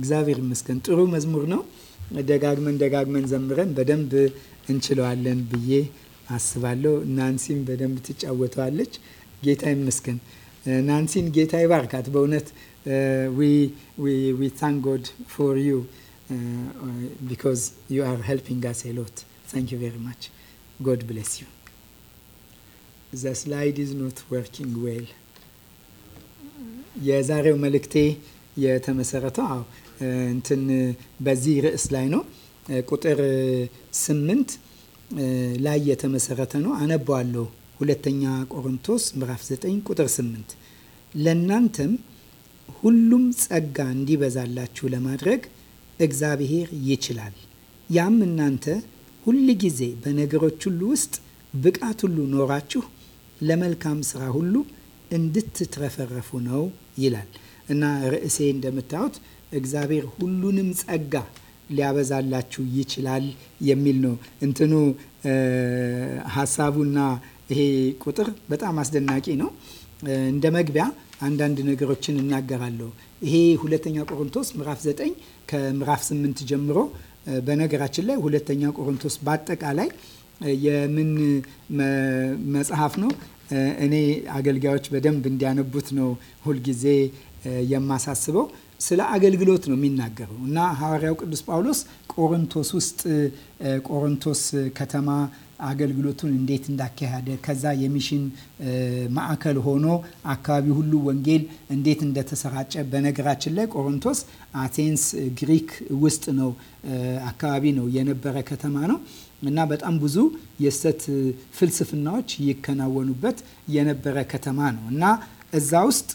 እግዚአብሔር ይመስገን ጥሩ መዝሙር ነው። ደጋግመን ደጋግመን ዘምረን በደንብ እንችለዋለን ብዬ አስባለሁ። ናንሲም በደንብ ትጫወተዋለች። ጌታ ይመስገን። ናንሲን ጌታ ይባርካት። በእውነት ዊ ታንክ ጎድ ፎር ዩ ቢኮዝ ዩ አር ሄልፒንግ አስ ሎት ታንክ ዩ ቨሪ ማች ጎድ ብሌስ ዩ ዘ ስላይድ ኢዝ ኖት ወርኪንግ ዌል የዛሬው መልእክቴ የተመሰረተው እንትን በዚህ ርዕስ ላይ ነው። ቁጥር ስምንት ላይ የተመሰረተ ነው። አነባዋለሁ። ሁለተኛ ቆሮንቶስ ምዕራፍ 9 ቁጥር 8 ለእናንተም ሁሉም ጸጋ እንዲበዛላችሁ ለማድረግ እግዚአብሔር ይችላል። ያም እናንተ ሁል ጊዜ በነገሮች ሁሉ ውስጥ ብቃት ሁሉ ኖራችሁ ለመልካም ስራ ሁሉ እንድትትረፈረፉ ነው ይላል እና ርዕሴ እንደምታዩት እግዚአብሔር ሁሉንም ጸጋ ሊያበዛላችሁ ይችላል የሚል ነው። እንትኑ ሀሳቡና ይሄ ቁጥር በጣም አስደናቂ ነው። እንደ መግቢያ አንዳንድ ነገሮችን እናገራለሁ። ይሄ ሁለተኛ ቆሮንቶስ ምዕራፍ 9 ከምዕራፍ 8 ጀምሮ በነገራችን ላይ ሁለተኛ ቆሮንቶስ በአጠቃላይ የምን መጽሐፍ ነው? እኔ አገልጋዮች በደንብ እንዲያነቡት ነው ሁልጊዜ የማሳስበው። ስለ አገልግሎት ነው የሚናገረው እና ሐዋርያው ቅዱስ ጳውሎስ ቆሮንቶስ ውስጥ ቆሮንቶስ ከተማ አገልግሎቱን እንዴት እንዳካሄደ ከዛ የሚሽን ማዕከል ሆኖ አካባቢ ሁሉ ወንጌል እንዴት እንደተሰራጨ በነገራችን ላይ ቆሮንቶስ አቴንስ ግሪክ ውስጥ ነው አካባቢ ነው የነበረ ከተማ ነው እና በጣም ብዙ የሰት ፍልስፍናዎች ይከናወኑበት የነበረ ከተማ ነው እና እዛ ውስጥ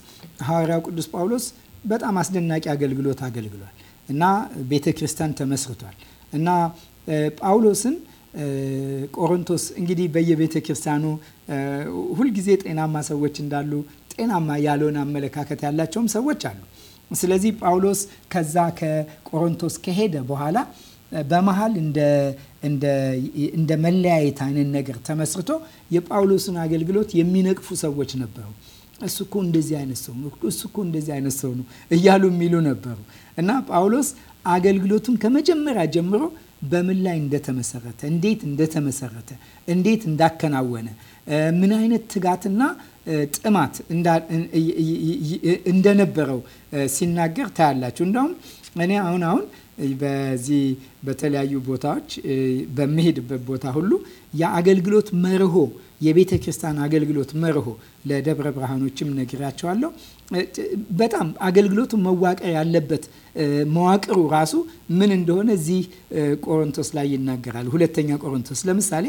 ሐዋርያው ቅዱስ ጳውሎስ በጣም አስደናቂ አገልግሎት አገልግሏል እና ቤተ ክርስቲያን ተመስርቷል እና ጳውሎስን ቆሮንቶስ እንግዲህ በየቤተ ክርስቲያኑ ሁልጊዜ ጤናማ ሰዎች እንዳሉ ጤናማ ያልሆነ አመለካከት ያላቸውም ሰዎች አሉ። ስለዚህ ጳውሎስ ከዛ ከቆሮንቶስ ከሄደ በኋላ በመሀል እንደ መለያየት አይነት ነገር ተመስርቶ የጳውሎስን አገልግሎት የሚነቅፉ ሰዎች ነበሩ። እሱ እኮ እንደዚህ አይነት ሰው ነው፣ እሱ እኮ እንደዚህ አይነት ሰው ነው እያሉ የሚሉ ነበሩ እና ጳውሎስ አገልግሎቱን ከመጀመሪያ ጀምሮ በምን ላይ እንደተመሰረተ፣ እንዴት እንደተመሰረተ፣ እንዴት እንዳከናወነ፣ ምን አይነት ትጋትና ጥማት እንደነበረው ሲናገር ታያላችሁ። እንዳውም እኔ አሁን አሁን በዚህ በተለያዩ ቦታዎች በሚሄድበት ቦታ ሁሉ የአገልግሎት መርሆ የቤተ ክርስቲያን አገልግሎት መርሆ ለደብረ ብርሃኖችም ነግሪያቸዋለሁ። በጣም አገልግሎቱ መዋቀር ያለበት መዋቅሩ ራሱ ምን እንደሆነ እዚህ ቆሮንቶስ ላይ ይናገራል። ሁለተኛ ቆሮንቶስ ለምሳሌ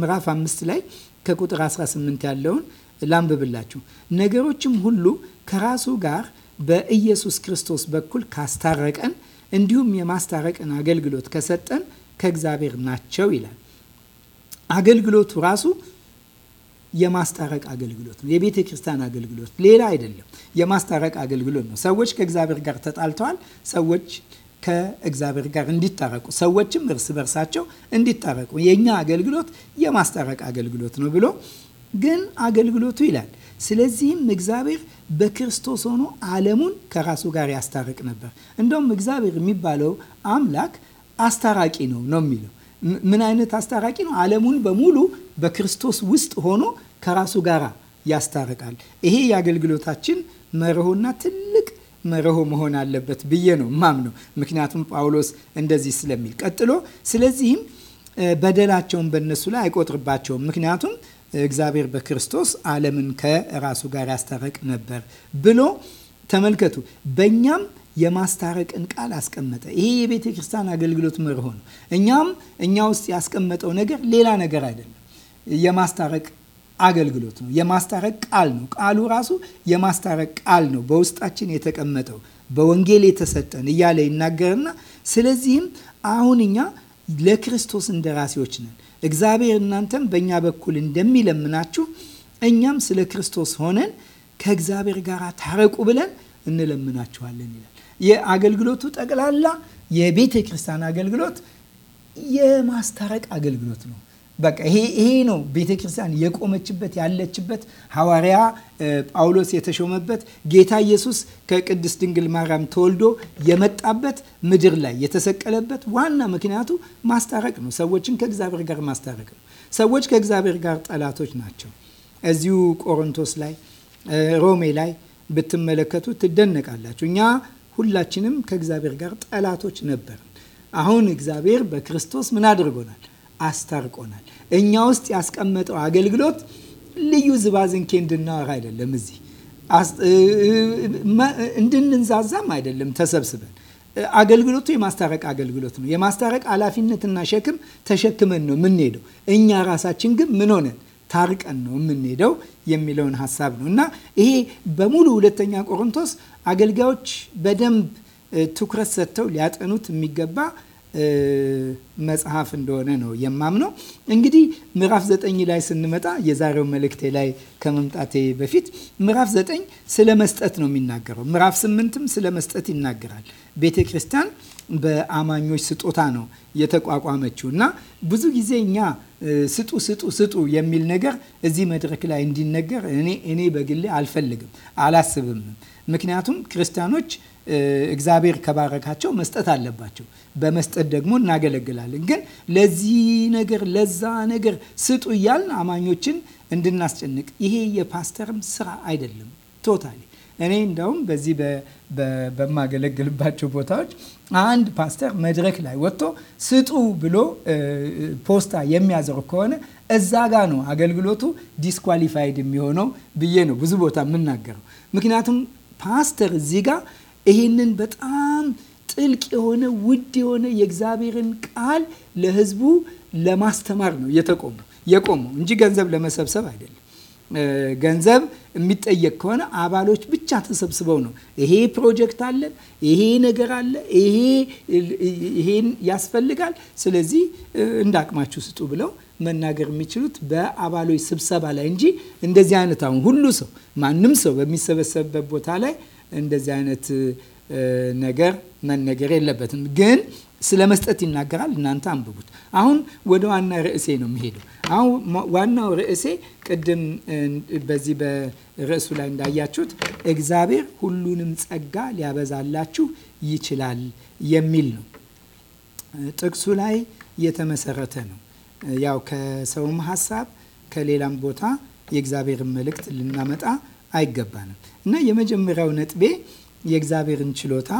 ምዕራፍ አምስት ላይ ከቁጥር 18 ያለውን ላንብብላችሁ። ነገሮችም ሁሉ ከራሱ ጋር በኢየሱስ ክርስቶስ በኩል ካስታረቀን እንዲሁም የማስታረቅን አገልግሎት ከሰጠን ከእግዚአብሔር ናቸው ይላል። አገልግሎቱ ራሱ የማስታረቅ አገልግሎት ነው። የቤተ ክርስቲያን አገልግሎት ሌላ አይደለም። የማስታረቅ አገልግሎት ነው። ሰዎች ከእግዚአብሔር ጋር ተጣልተዋል። ሰዎች ከእግዚአብሔር ጋር እንዲታረቁ፣ ሰዎችም እርስ በርሳቸው እንዲታረቁ የእኛ አገልግሎት የማስታረቅ አገልግሎት ነው ብሎ ግን አገልግሎቱ ይላል። ስለዚህም እግዚአብሔር በክርስቶስ ሆኖ ዓለሙን ከራሱ ጋር ያስታርቅ ነበር። እንደውም እግዚአብሔር የሚባለው አምላክ አስታራቂ ነው ነው የሚለው ምን አይነት አስታራቂ ነው? ዓለሙን በሙሉ በክርስቶስ ውስጥ ሆኖ ከራሱ ጋር ያስታርቃል። ይሄ የአገልግሎታችን መርሆና ትልቅ መርሆ መሆን አለበት ብዬ ነው ማምነው። ምክንያቱም ጳውሎስ እንደዚህ ስለሚል ቀጥሎ፣ ስለዚህም በደላቸውን በእነሱ ላይ አይቆጥርባቸውም፣ ምክንያቱም እግዚአብሔር በክርስቶስ ዓለምን ከራሱ ጋር ያስታረቅ ነበር ብሎ ተመልከቱ። በእኛም የማስታረቅን ቃል አስቀመጠ። ይሄ የቤተ ክርስቲያን አገልግሎት መርሆ ነው። እኛም እኛ ውስጥ ያስቀመጠው ነገር ሌላ ነገር አይደለም። የማስታረቅ አገልግሎት ነው። የማስታረቅ ቃል ነው። ቃሉ ራሱ የማስታረቅ ቃል ነው። በውስጣችን የተቀመጠው በወንጌል የተሰጠን እያለ ይናገርና ስለዚህም አሁን እኛ ለክርስቶስ እንደራሴዎች ነን። እግዚአብሔር እናንተም በእኛ በኩል እንደሚለምናችሁ እኛም ስለ ክርስቶስ ሆነን ከእግዚአብሔር ጋር ታረቁ ብለን እንለምናችኋለን ይላል። የአገልግሎቱ ጠቅላላ የቤተ ክርስቲያን አገልግሎት የማስታረቅ አገልግሎት ነው። በቃ ይሄ ይሄ ነው ቤተ ክርስቲያን የቆመችበት ያለችበት፣ ሐዋርያ ጳውሎስ የተሾመበት፣ ጌታ ኢየሱስ ከቅድስት ድንግል ማርያም ተወልዶ የመጣበት፣ ምድር ላይ የተሰቀለበት ዋና ምክንያቱ ማስታረቅ ነው። ሰዎችን ከእግዚአብሔር ጋር ማስታረቅ ነው። ሰዎች ከእግዚአብሔር ጋር ጠላቶች ናቸው። እዚሁ ቆሮንቶስ ላይ ሮሜ ላይ ብትመለከቱ ትደነቃላችሁ። እኛ ሁላችንም ከእግዚአብሔር ጋር ጠላቶች ነበር። አሁን እግዚአብሔር በክርስቶስ ምን አድርጎናል? አስታርቆናል። እኛ ውስጥ ያስቀመጠው አገልግሎት ልዩ ዝባዝንኬ እንድናወራ አይደለም። እዚህ እንድንንዛዛም አይደለም። ተሰብስበን አገልግሎቱ የማስታረቅ አገልግሎት ነው። የማስታረቅ ኃላፊነትና ሸክም ተሸክመን ነው የምንሄደው። እኛ ራሳችን ግን ምን ሆነን ታርቀን ነው የምንሄደው የሚለውን ሀሳብ ነው እና ይሄ በሙሉ ሁለተኛ ቆሮንቶስ አገልጋዮች በደንብ ትኩረት ሰጥተው ሊያጠኑት የሚገባ መጽሐፍ እንደሆነ ነው የማምነው። እንግዲህ ምዕራፍ ዘጠኝ ላይ ስንመጣ የዛሬው መልእክቴ ላይ ከመምጣቴ በፊት ምዕራፍ ዘጠኝ ስለ መስጠት ነው የሚናገረው። ምዕራፍ ስምንትም ስለ መስጠት ይናገራል። ቤተ ክርስቲያን በአማኞች ስጦታ ነው የተቋቋመችው እና ብዙ ጊዜ እኛ ስጡ ስጡ ስጡ የሚል ነገር እዚህ መድረክ ላይ እንዲነገር እኔ እኔ በግሌ አልፈልግም አላስብም። ምክንያቱም ክርስቲያኖች እግዚአብሔር ከባረካቸው መስጠት አለባቸው። በመስጠት ደግሞ እናገለግላለን። ግን ለዚህ ነገር ለዛ ነገር ስጡ እያልን አማኞችን እንድናስጨንቅ ይሄ የፓስተርም ስራ አይደለም ቶታሊ እኔ እንደውም በዚህ በማገለግልባቸው ቦታዎች አንድ ፓስተር መድረክ ላይ ወጥቶ ስጡ ብሎ ፖስታ የሚያዘር ከሆነ እዛ ጋ ነው አገልግሎቱ ዲስኳሊፋይድ የሚሆነው ብዬ ነው ብዙ ቦታ የምናገረው። ምክንያቱም ፓስተር እዚህ ጋ ይሄንን በጣም ጥልቅ የሆነ ውድ የሆነ የእግዚአብሔርን ቃል ለሕዝቡ ለማስተማር ነው የተቆመው የቆመው እንጂ ገንዘብ ለመሰብሰብ አይደለም። ገንዘብ የሚጠየቅ ከሆነ አባሎች ብቻ ተሰብስበው ነው ይሄ ፕሮጀክት አለ፣ ይሄ ነገር አለ፣ ይሄ ይሄን ያስፈልጋል፣ ስለዚህ እንደ አቅማችሁ ስጡ ብለው መናገር የሚችሉት በአባሎች ስብሰባ ላይ እንጂ እንደዚህ አይነት አሁን ሁሉ ሰው ማንም ሰው በሚሰበሰብበት ቦታ ላይ እንደዚህ አይነት ነገር መነገር የለበትም ግን ስለ መስጠት ይናገራል። እናንተ አንብቡት። አሁን ወደ ዋና ርዕሴ ነው የሚሄደው። አሁን ዋናው ርዕሴ ቅድም በዚህ በርዕሱ ላይ እንዳያችሁት እግዚአብሔር ሁሉንም ጸጋ ሊያበዛላችሁ ይችላል የሚል ነው። ጥቅሱ ላይ የተመሰረተ ነው። ያው ከሰውም ሀሳብ ከሌላም ቦታ የእግዚአብሔርን መልእክት ልናመጣ አይገባንም እና የመጀመሪያው ነጥቤ የእግዚአብሔርን ችሎታ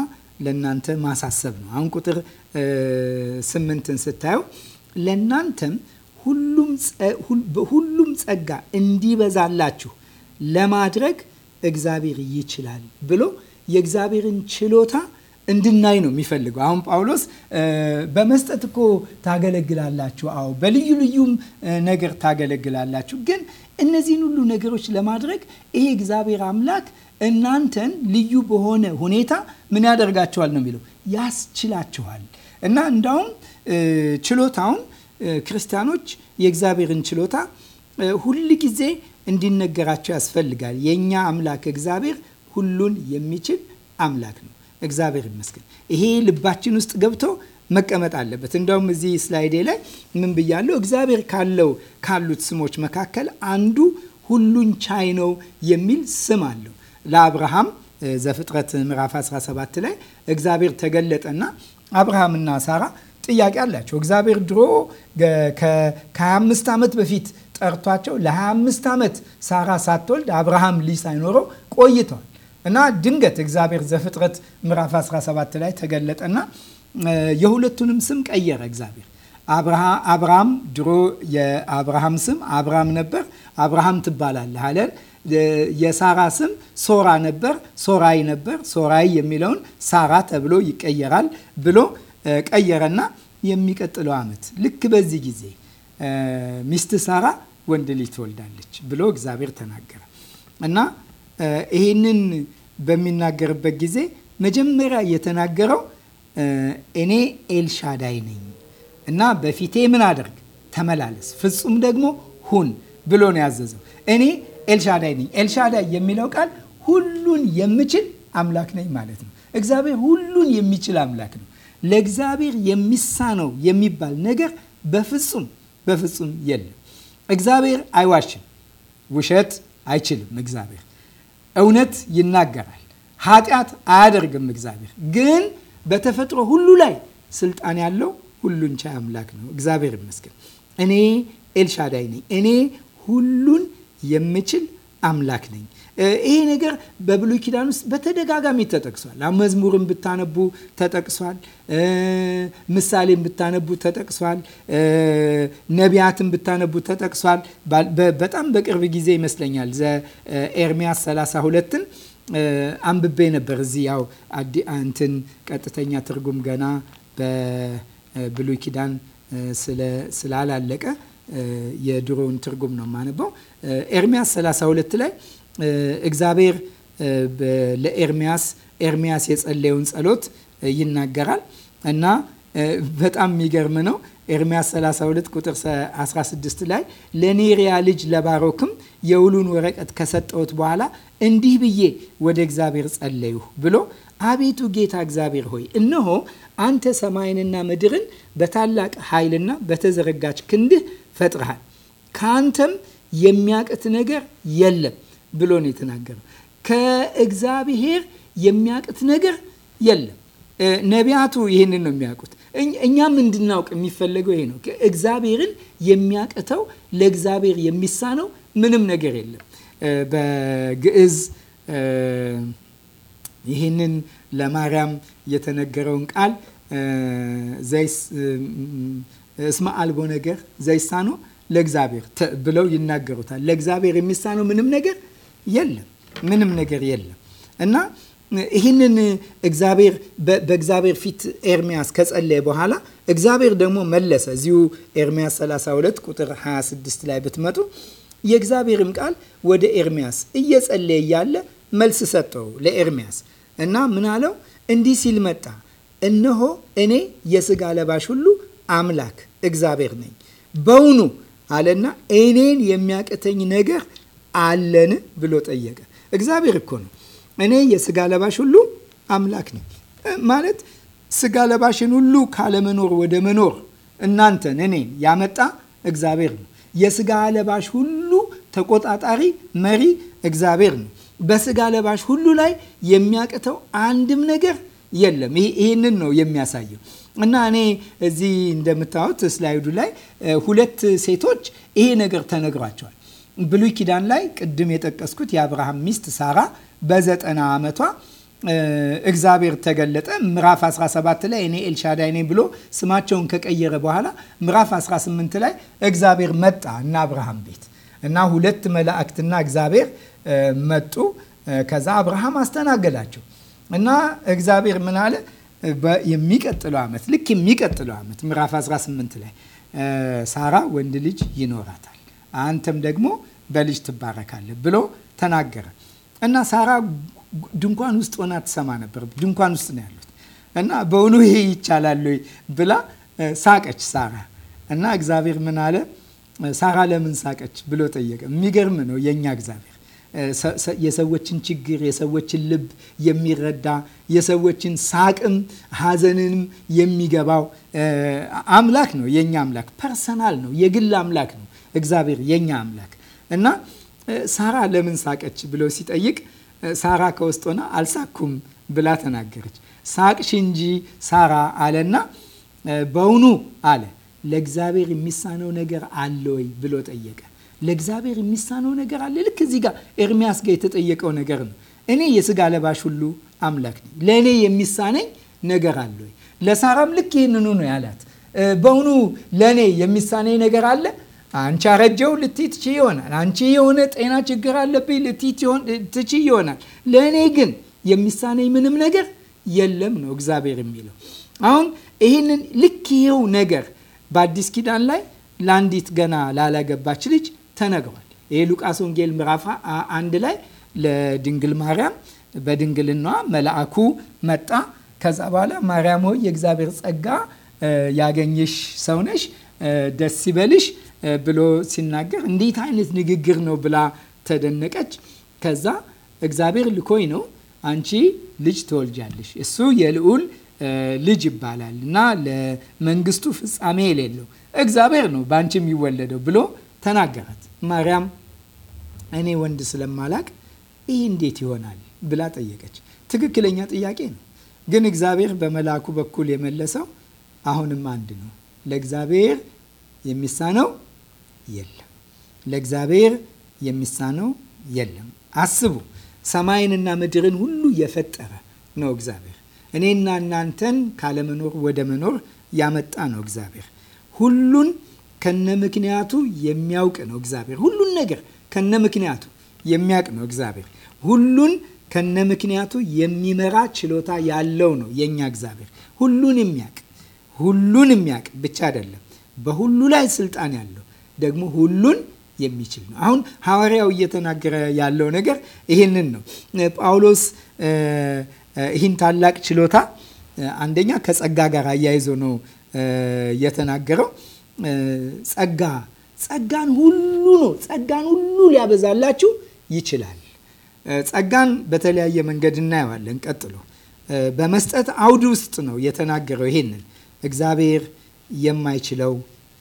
ለእናንተ ማሳሰብ ነው። አሁን ቁጥር ስምንትን ስታየው ለእናንተም ሁሉም ጸጋ እንዲበዛላችሁ ለማድረግ እግዚአብሔር ይችላል ብሎ የእግዚአብሔርን ችሎታ እንድናይ ነው የሚፈልገው። አሁን ጳውሎስ በመስጠት እኮ ታገለግላላችሁ፣ አዎ በልዩ ልዩም ነገር ታገለግላላችሁ። ግን እነዚህን ሁሉ ነገሮች ለማድረግ ይሄ እግዚአብሔር አምላክ እናንተን ልዩ በሆነ ሁኔታ ምን ያደርጋችኋል ነው የሚለው ያስችላችኋል። እና እንዳውም ችሎታውን ክርስቲያኖች የእግዚአብሔርን ችሎታ ሁል ጊዜ እንዲነገራቸው ያስፈልጋል። የእኛ አምላክ እግዚአብሔር ሁሉን የሚችል አምላክ ነው። እግዚአብሔር ይመስገን። ይሄ ልባችን ውስጥ ገብቶ መቀመጥ አለበት። እንደውም እዚህ ስላይዴ ላይ ምን ብያለሁ? እግዚአብሔር ካለው ካሉት ስሞች መካከል አንዱ ሁሉን ቻይ ነው የሚል ስም አለው። ለአብርሃም ዘፍጥረት ምዕራፍ 17 ላይ እግዚአብሔር ተገለጠና አብርሃምና ሳራ ጥያቄ አላቸው። እግዚአብሔር ድሮ ከ25 ዓመት በፊት ጠርቷቸው ለ25 ዓመት ሳራ ሳትወልድ አብርሃም ልጅ ሳይኖረው ቆይተዋል እና ድንገት እግዚአብሔር ዘፍጥረት ምዕራፍ 17 ላይ ተገለጠና የሁለቱንም ስም ቀየረ እግዚአብሔር አብርሃም ድሮ የአብርሃም ስም አብርሃም ነበር። አብርሃም ትባላለህ አለን። የሳራ ስም ሶራ ነበር፣ ሶራይ ነበር። ሶራይ የሚለውን ሳራ ተብሎ ይቀየራል ብሎ ቀየረና የሚቀጥለው ዓመት ልክ በዚህ ጊዜ ሚስት ሳራ ወንድ ልጅ ትወልዳለች ብሎ እግዚአብሔር ተናገረ እና ይህንን በሚናገርበት ጊዜ መጀመሪያ የተናገረው እኔ ኤልሻዳይ ነኝ እና በፊቴ ምን አድርግ ተመላለስ፣ ፍጹም ደግሞ ሁን ብሎ ነው ያዘዘው። እኔ ኤልሻዳይ ነኝ። ኤልሻዳይ የሚለው ቃል ሁሉን የምችል አምላክ ነኝ ማለት ነው። እግዚአብሔር ሁሉን የሚችል አምላክ ነው። ለእግዚአብሔር የሚሳነው የሚባል ነገር በፍጹም በፍጹም የለም። እግዚአብሔር አይዋሽም፣ ውሸት አይችልም። እግዚአብሔር እውነት ይናገራል፣ ኃጢአት አያደርግም። እግዚአብሔር ግን በተፈጥሮ ሁሉ ላይ ስልጣን ያለው ሁሉን ቻይ አምላክ ነው። እግዚአብሔር ይመስገን። እኔ ኤልሻዳይ ነኝ። እኔ ሁሉን የምችል አምላክ ነኝ። ይሄ ነገር በብሉይ ኪዳን ውስጥ በተደጋጋሚ ተጠቅሷል። መዝሙርን ብታነቡ ተጠቅሷል። ምሳሌን ብታነቡ ተጠቅሷል። ነቢያትን ብታነቡ ተጠቅሷል። በጣም በቅርብ ጊዜ ይመስለኛል ኤርሚያስ 32ን አንብቤ ነበር። እዚህ ያው እንትን ቀጥተኛ ትርጉም ገና በብሉይ ኪዳን ስላላለቀ የድሮውን ትርጉም ነው የማነበው። ኤርሚያስ 32 ላይ እግዚአብሔር ለኤርሚያስ ኤርሚያስ የጸለየውን ጸሎት ይናገራል እና በጣም የሚገርም ነው። ኤርሚያስ 32 ቁጥር 16 ላይ ለኔሪያ ልጅ ለባሮክም የውሉን ወረቀት ከሰጠሁት በኋላ እንዲህ ብዬ ወደ እግዚአብሔር ጸለይሁ ብሎ አቤቱ ጌታ እግዚአብሔር ሆይ እነሆ አንተ ሰማይንና ምድርን በታላቅ ኃይልና በተዘረጋች ክንድህ ፈጥረሃል፣ ከአንተም የሚያቅት ነገር የለም ብሎ ነው የተናገረው። ከእግዚአብሔር የሚያቅት ነገር የለም። ነቢያቱ ይህንን ነው የሚያውቁት። እኛም እንድናውቅ የሚፈለገው ይሄ ነው። እግዚአብሔርን የሚያቅተው ለእግዚአብሔር የሚሳነው ምንም ነገር የለም። በግዕዝ ይህንን ለማርያም የተነገረውን ቃል ዘይስ። እስመ አልቦ ነገር ዘይሳኖ ለእግዚአብሔር ብለው ይናገሩታል። ለእግዚአብሔር የሚሳነው ምንም ነገር የለም፣ ምንም ነገር የለም እና ይህንን እግዚአብሔር በእግዚአብሔር ፊት ኤርሚያስ ከጸለየ በኋላ እግዚአብሔር ደግሞ መለሰ። እዚሁ ኤርሚያስ 32 ቁጥር 26 ላይ ብትመጡ የእግዚአብሔርም ቃል ወደ ኤርሚያስ እየጸለየ እያለ መልስ ሰጠው ለኤርሚያስ እና ምን አለው? እንዲህ ሲል መጣ፣ እነሆ እኔ የስጋ ለባሽ ሁሉ አምላክ እግዚአብሔር ነኝ። በውኑ አለና እኔን የሚያቅተኝ ነገር አለን ብሎ ጠየቀ። እግዚአብሔር እኮ ነው እኔ የስጋ ለባሽ ሁሉ አምላክ ነኝ ማለት ስጋ ለባሽን ሁሉ ካለመኖር ወደ መኖር እናንተን እኔን ያመጣ እግዚአብሔር ነው። የስጋ ለባሽ ሁሉ ተቆጣጣሪ መሪ እግዚአብሔር ነው። በስጋ ለባሽ ሁሉ ላይ የሚያቅተው አንድም ነገር የለም። ይህንን ነው የሚያሳየው። እና እኔ እዚህ እንደምታዩት ስላይዱ ላይ ሁለት ሴቶች ይሄ ነገር ተነግሯቸዋል። ብሉይ ኪዳን ላይ ቅድም የጠቀስኩት የአብርሃም ሚስት ሳራ በዘጠና ዓመቷ እግዚአብሔር ተገለጠ። ምዕራፍ 17 ላይ እኔ ኤልሻዳይ ነኝ ብሎ ስማቸውን ከቀየረ በኋላ ምዕራፍ 18 ላይ እግዚአብሔር መጣ እና አብርሃም ቤት እና ሁለት መላእክትና እግዚአብሔር መጡ። ከዛ አብርሃም አስተናገዳቸው እና እግዚአብሔር ምን አለ? የሚቀጥለው ዓመት ልክ የሚቀጥለው ዓመት ምዕራፍ 18 ላይ ሳራ ወንድ ልጅ ይኖራታል፣ አንተም ደግሞ በልጅ ትባረካለህ ብሎ ተናገረ እና ሳራ ድንኳን ውስጥ ሆና ትሰማ ነበር። ድንኳን ውስጥ ነው ያሉት እና በውኑ ይሄ ይቻላል ወይ ብላ ሳቀች ሳራ እና እግዚአብሔር ምን አለ? ሳራ ለምን ሳቀች ብሎ ጠየቀ። የሚገርም ነው የእኛ እግዚአብሔር የሰዎችን ችግር፣ የሰዎችን ልብ የሚረዳ የሰዎችን ሳቅም ሐዘንንም የሚገባው አምላክ ነው። የኛ አምላክ ፐርሰናል ነው፣ የግል አምላክ ነው እግዚአብሔር የኛ አምላክ እና ሳራ ለምን ሳቀች ብሎ ሲጠይቅ ሳራ ከውስጥ ሆና አልሳኩም ብላ ተናገረች። ሳቅሽ እንጂ ሳራ አለና በውኑ አለ ለእግዚአብሔር የሚሳነው ነገር አለ ወይ ብሎ ጠየቀ። ለእግዚአብሔር የሚሳነው ነገር አለ? ልክ እዚህ ጋር ኤርሚያስ ጋር የተጠየቀው ነገር ነው። እኔ የስጋ ለባሽ ሁሉ አምላክ ነኝ፣ ለእኔ የሚሳነኝ ነገር አለ ወይ? ለሳራም ልክ ይህንኑ ነው ያላት። በውኑ ለእኔ የሚሳነኝ ነገር አለ? አንቺ አረጀው ልትይ ትች ይሆናል። አንቺ የሆነ ጤና ችግር አለብኝ ልትይ ትች ይሆናል። ለእኔ ግን የሚሳነኝ ምንም ነገር የለም ነው እግዚአብሔር የሚለው። አሁን ይህንን ልክ ይኸው ነገር በአዲስ ኪዳን ላይ ለአንዲት ገና ላላገባች ልጅ ተነግሯል። ይሄ ሉቃስ ወንጌል ምዕራፍ አንድ ላይ ለድንግል ማርያም በድንግልና መልአኩ መጣ። ከዛ በኋላ ማርያም ሆይ የእግዚአብሔር ጸጋ ያገኘሽ ሰው ነሽ፣ ደስ ይበልሽ ብሎ ሲናገር እንዴት አይነት ንግግር ነው ብላ ተደነቀች። ከዛ እግዚአብሔር ልኮኝ ነው አንቺ ልጅ ትወልጃለሽ፣ እሱ የልዑል ልጅ ይባላል እና ለመንግስቱ ፍጻሜ የሌለው እግዚአብሔር ነው በአንቺ የሚወለደው ብሎ ተናገራት። ማርያም እኔ ወንድ ስለማላቅ ይህ እንዴት ይሆናል ብላ ጠየቀች። ትክክለኛ ጥያቄ ነው፣ ግን እግዚአብሔር በመልአኩ በኩል የመለሰው አሁንም አንድ ነው። ለእግዚአብሔር የሚሳነው የለም። ለእግዚአብሔር የሚሳነው የለም። አስቡ፣ ሰማይንና ምድርን ሁሉ የፈጠረ ነው እግዚአብሔር። እኔና እናንተን ካለመኖር ወደ መኖር ያመጣ ነው እግዚአብሔር ሁሉን ከነ ምክንያቱ የሚያውቅ ነው እግዚአብሔር። ሁሉን ነገር ከነ ምክንያቱ የሚያውቅ ነው እግዚአብሔር። ሁሉን ከነ ምክንያቱ የሚመራ ችሎታ ያለው ነው የእኛ እግዚአብሔር። ሁሉን የሚያውቅ ሁሉን የሚያውቅ ብቻ አይደለም፣ በሁሉ ላይ ስልጣን ያለው ደግሞ ሁሉን የሚችል ነው። አሁን ሐዋርያው እየተናገረ ያለው ነገር ይህንን ነው። ጳውሎስ ይህን ታላቅ ችሎታ አንደኛ ከጸጋ ጋር አያይዞ ነው የተናገረው ጸጋ ጸጋን ሁሉ ነው። ጸጋን ሁሉ ሊያበዛላችሁ ይችላል። ጸጋን በተለያየ መንገድ እናየዋለን። ቀጥሎ በመስጠት አውድ ውስጥ ነው የተናገረው። ይሄንን እግዚአብሔር የማይችለው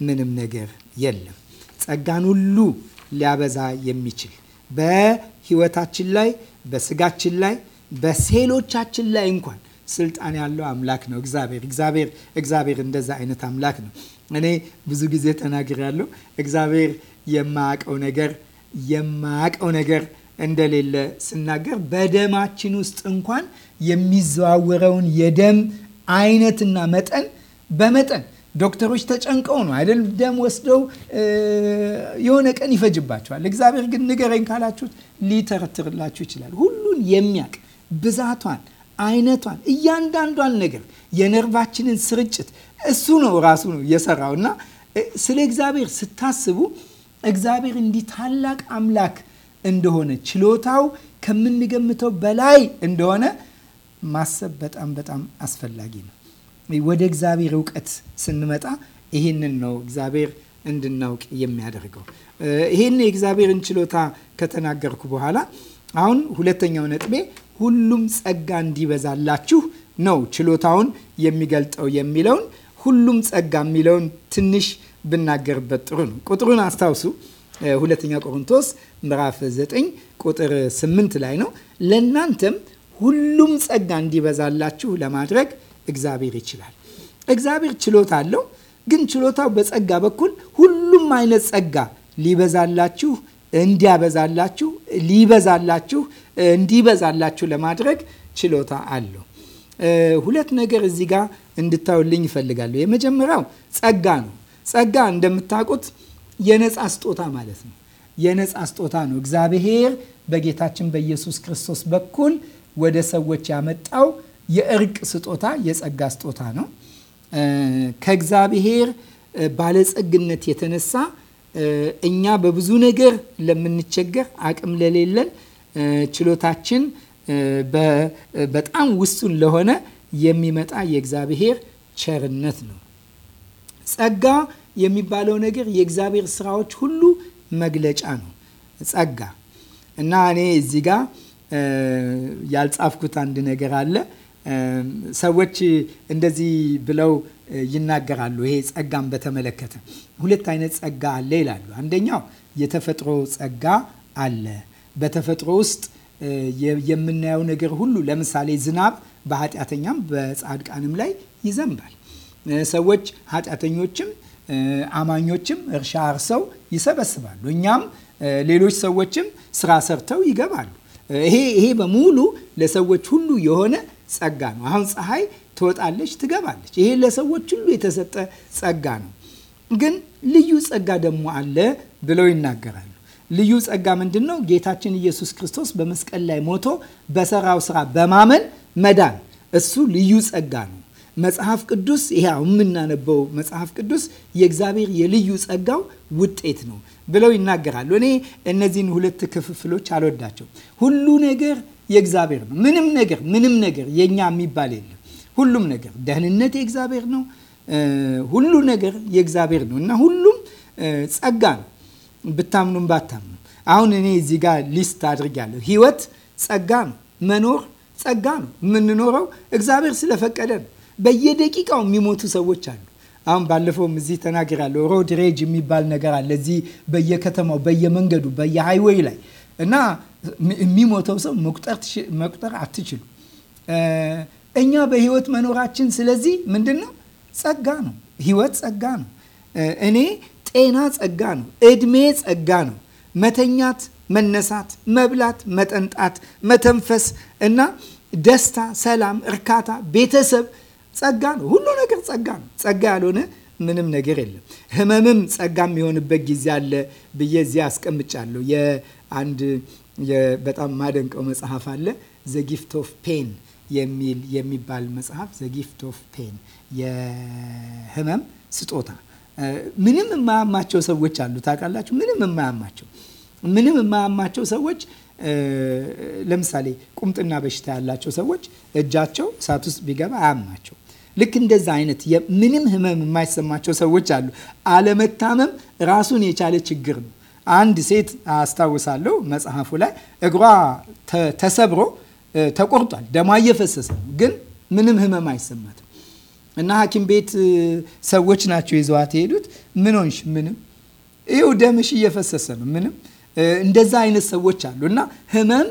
ምንም ነገር የለም። ጸጋን ሁሉ ሊያበዛ የሚችል በህይወታችን ላይ በስጋችን ላይ በሴሎቻችን ላይ እንኳን ስልጣን ያለው አምላክ ነው እግዚአብሔር። እግዚአብሔር እንደዛ አይነት አምላክ ነው። እኔ ብዙ ጊዜ ተናግሬያለሁ። እግዚአብሔር የማያውቀው ነገር የማያውቀው ነገር እንደሌለ ስናገር በደማችን ውስጥ እንኳን የሚዘዋወረውን የደም አይነትና መጠን በመጠን ዶክተሮች ተጨንቀው ነው አይደል? ደም ወስደው የሆነ ቀን ይፈጅባቸዋል። እግዚአብሔር ግን ንገረኝ ካላችሁት ሊተረትርላችሁ ይችላል። ሁሉን የሚያውቅ ብዛቷን፣ አይነቷን፣ እያንዳንዷን ነገር የነርቫችንን ስርጭት እሱ ነው ራሱ ነው የሰራው። እና ስለ እግዚአብሔር ስታስቡ እግዚአብሔር እንዲህ ታላቅ አምላክ እንደሆነ ችሎታው ከምንገምተው በላይ እንደሆነ ማሰብ በጣም በጣም አስፈላጊ ነው። ወደ እግዚአብሔር እውቀት ስንመጣ ይህንን ነው እግዚአብሔር እንድናውቅ የሚያደርገው። ይህን የእግዚአብሔርን ችሎታ ከተናገርኩ በኋላ አሁን ሁለተኛው ነጥቤ ሁሉም ጸጋ እንዲበዛላችሁ ነው ችሎታውን የሚገልጠው የሚለውን ሁሉም ጸጋ የሚለውን ትንሽ ብናገርበት ጥሩ ነው። ቁጥሩን አስታውሱ። ሁለተኛ ቆሮንቶስ ምዕራፍ 9 ቁጥር 8 ላይ ነው። ለእናንተም ሁሉም ጸጋ እንዲበዛላችሁ ለማድረግ እግዚአብሔር ይችላል። እግዚአብሔር ችሎታ አለው፣ ግን ችሎታው በጸጋ በኩል ሁሉም አይነት ጸጋ ሊበዛላችሁ እንዲያበዛላችሁ ሊበዛላችሁ እንዲበዛላችሁ ለማድረግ ችሎታ አለው። ሁለት ነገር እዚህ ጋር እንድታዩልኝ ይፈልጋለሁ። የመጀመሪያው ጸጋ ነው። ጸጋ እንደምታውቁት የነፃ ስጦታ ማለት ነው። የነፃ ስጦታ ነው። እግዚአብሔር በጌታችን በኢየሱስ ክርስቶስ በኩል ወደ ሰዎች ያመጣው የእርቅ ስጦታ የጸጋ ስጦታ ነው። ከእግዚአብሔር ባለጸግነት የተነሳ እኛ በብዙ ነገር ለምንቸገር፣ አቅም ለሌለን፣ ችሎታችን በጣም ውሱን ለሆነ የሚመጣ የእግዚአብሔር ቸርነት ነው። ጸጋ የሚባለው ነገር የእግዚአብሔር ስራዎች ሁሉ መግለጫ ነው። ጸጋ እና እኔ እዚህ ጋ ያልጻፍኩት አንድ ነገር አለ። ሰዎች እንደዚህ ብለው ይናገራሉ። ይሄ ጸጋን በተመለከተ ሁለት አይነት ጸጋ አለ ይላሉ። አንደኛው የተፈጥሮ ጸጋ አለ። በተፈጥሮ ውስጥ የምናየው ነገር ሁሉ ለምሳሌ ዝናብ በኃጢአተኛም በጻድቃንም ላይ ይዘንባል። ሰዎች ኃጢአተኞችም አማኞችም እርሻ አርሰው ይሰበስባሉ። እኛም ሌሎች ሰዎችም ስራ ሰርተው ይገባሉ። ይሄ ይሄ በሙሉ ለሰዎች ሁሉ የሆነ ጸጋ ነው። አሁን ፀሐይ ትወጣለች፣ ትገባለች። ይሄ ለሰዎች ሁሉ የተሰጠ ጸጋ ነው። ግን ልዩ ጸጋ ደግሞ አለ ብለው ይናገራሉ። ልዩ ጸጋ ምንድን ነው? ጌታችን ኢየሱስ ክርስቶስ በመስቀል ላይ ሞቶ በሰራው ስራ በማመን መዳን እሱ ልዩ ጸጋ ነው። መጽሐፍ ቅዱስ ይሄ የምናነበው መጽሐፍ ቅዱስ የእግዚአብሔር የልዩ ጸጋው ውጤት ነው ብለው ይናገራሉ። እኔ እነዚህን ሁለት ክፍፍሎች አልወዳቸው። ሁሉ ነገር የእግዚአብሔር ነው። ምንም ነገር ምንም ነገር የእኛ የሚባል የለም። ሁሉም ነገር ደህንነት የእግዚአብሔር ነው። ሁሉ ነገር የእግዚአብሔር ነው እና ሁሉም ጸጋ ነው፣ ብታምኑም ባታምኑ። አሁን እኔ እዚህ ጋር ሊስት አድርጊያለሁ። ህይወት ጸጋ ነው። መኖር ጸጋ ነው የምንኖረው፣ እግዚአብሔር ስለፈቀደ ነው። በየደቂቃው የሚሞቱ ሰዎች አሉ። አሁን ባለፈውም እዚህ ተናግራለሁ። ሮድ ሬጅ የሚባል ነገር አለ እዚህ በየከተማው በየመንገዱ በየሃይዌይ ላይ እና የሚሞተው ሰው መቁጠር አትችሉ። እኛ በህይወት መኖራችን ስለዚህ ምንድን ነው ጸጋ ነው። ህይወት ጸጋ ነው። እኔ ጤና ጸጋ ነው። እድሜ ጸጋ ነው። መተኛት መነሳት፣ መብላት፣ መጠንጣት፣ መተንፈስ እና ደስታ፣ ሰላም፣ እርካታ፣ ቤተሰብ ጸጋ ነው። ሁሉ ነገር ጸጋ ነው። ጸጋ ያልሆነ ምንም ነገር የለም። ህመምም ጸጋ የሚሆንበት ጊዜ አለ ብዬ እዚህ አስቀምጫለሁ። የአንድ በጣም ማደንቀው መጽሐፍ አለ ዘ ጊፍት ኦፍ ፔን የሚል የሚባል መጽሐፍ ዘ ጊፍት ኦፍ ፔን የህመም ስጦታ። ምንም የማያማቸው ሰዎች አሉ ታውቃላችሁ። ምንም የማያማቸው ምንም የማያማቸው ሰዎች ለምሳሌ ቁምጥና በሽታ ያላቸው ሰዎች እጃቸው እሳት ውስጥ ቢገባ አያማቸው። ልክ እንደዛ አይነት ምንም ህመም የማይሰማቸው ሰዎች አሉ። አለመታመም ራሱን የቻለ ችግር ነው። አንድ ሴት አስታውሳለሁ፣ መጽሐፉ ላይ እግሯ ተሰብሮ ተቆርጧል፣ ደሟ እየፈሰሰ ነው፣ ግን ምንም ህመም አይሰማትም። እና ሐኪም ቤት ሰዎች ናቸው ይዘዋት የሄዱት። ምን ሆንሽ? ምንም፣ ይኸው ደምሽ እየፈሰሰ ነው፣ ምንም እንደዛ አይነት ሰዎች አሉ እና ህመም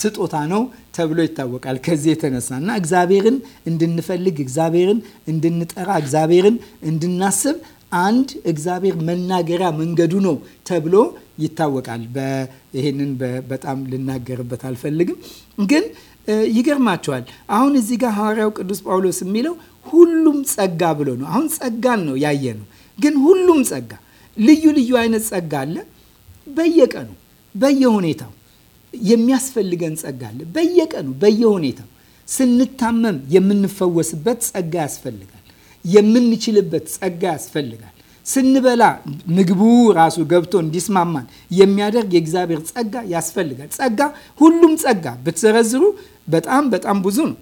ስጦታ ነው ተብሎ ይታወቃል። ከዚህ የተነሳ እና እግዚአብሔርን እንድንፈልግ፣ እግዚአብሔርን እንድንጠራ፣ እግዚአብሔርን እንድናስብ አንድ እግዚአብሔር መናገሪያ መንገዱ ነው ተብሎ ይታወቃል። ይሄንን በጣም ልናገርበት አልፈልግም፣ ግን ይገርማቸዋል። አሁን እዚህ ጋር ሐዋርያው ቅዱስ ጳውሎስ የሚለው ሁሉም ጸጋ ብሎ ነው። አሁን ጸጋን ነው ያየ ነው፣ ግን ሁሉም ጸጋ ልዩ ልዩ አይነት ጸጋ አለ በየቀኑ በየሁኔታው የሚያስፈልገን ጸጋ አለ። በየቀኑ በየሁኔታው ስንታመም የምንፈወስበት ጸጋ ያስፈልጋል። የምንችልበት ጸጋ ያስፈልጋል። ስንበላ ምግቡ ራሱ ገብቶ እንዲስማማን የሚያደርግ የእግዚአብሔር ጸጋ ያስፈልጋል። ጸጋ ሁሉም ጸጋ ብትዘረዝሩ በጣም በጣም ብዙ ነው።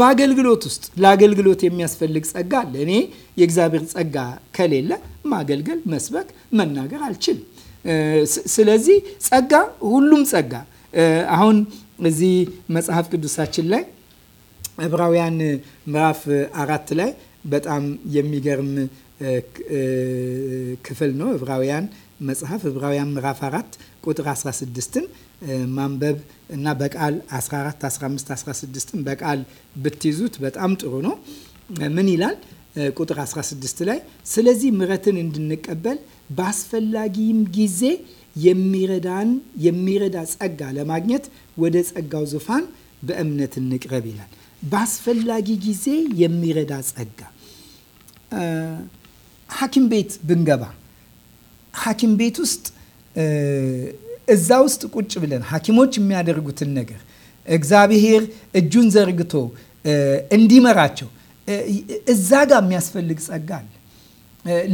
በአገልግሎት ውስጥ ለአገልግሎት የሚያስፈልግ ጸጋ አለ። እኔ የእግዚአብሔር ጸጋ ከሌለ ማገልገል፣ መስበክ፣ መናገር አልችልም። ስለዚህ ጸጋ፣ ሁሉም ጸጋ አሁን እዚህ መጽሐፍ ቅዱሳችን ላይ ዕብራውያን ምዕራፍ አራት ላይ በጣም የሚገርም ክፍል ነው። ዕብራውያን መጽሐፍ ዕብራውያን ምዕራፍ አራት ቁጥር 16ን ማንበብ እና በቃል 14፣ 15፣ 16ን በቃል ብትይዙት በጣም ጥሩ ነው። ምን ይላል? ቁጥር 16 ላይ ስለዚህ ምረትን እንድንቀበል በአስፈላጊም ጊዜ የሚረዳን የሚረዳ ጸጋ ለማግኘት ወደ ጸጋው ዙፋን በእምነት እንቅረብ ይላል። በአስፈላጊ ጊዜ የሚረዳ ጸጋ። ሐኪም ቤት ብንገባ ሐኪም ቤት ውስጥ እዛ ውስጥ ቁጭ ብለን ሐኪሞች የሚያደርጉትን ነገር እግዚአብሔር እጁን ዘርግቶ እንዲመራቸው እዛ ጋር የሚያስፈልግ ጸጋ አለ።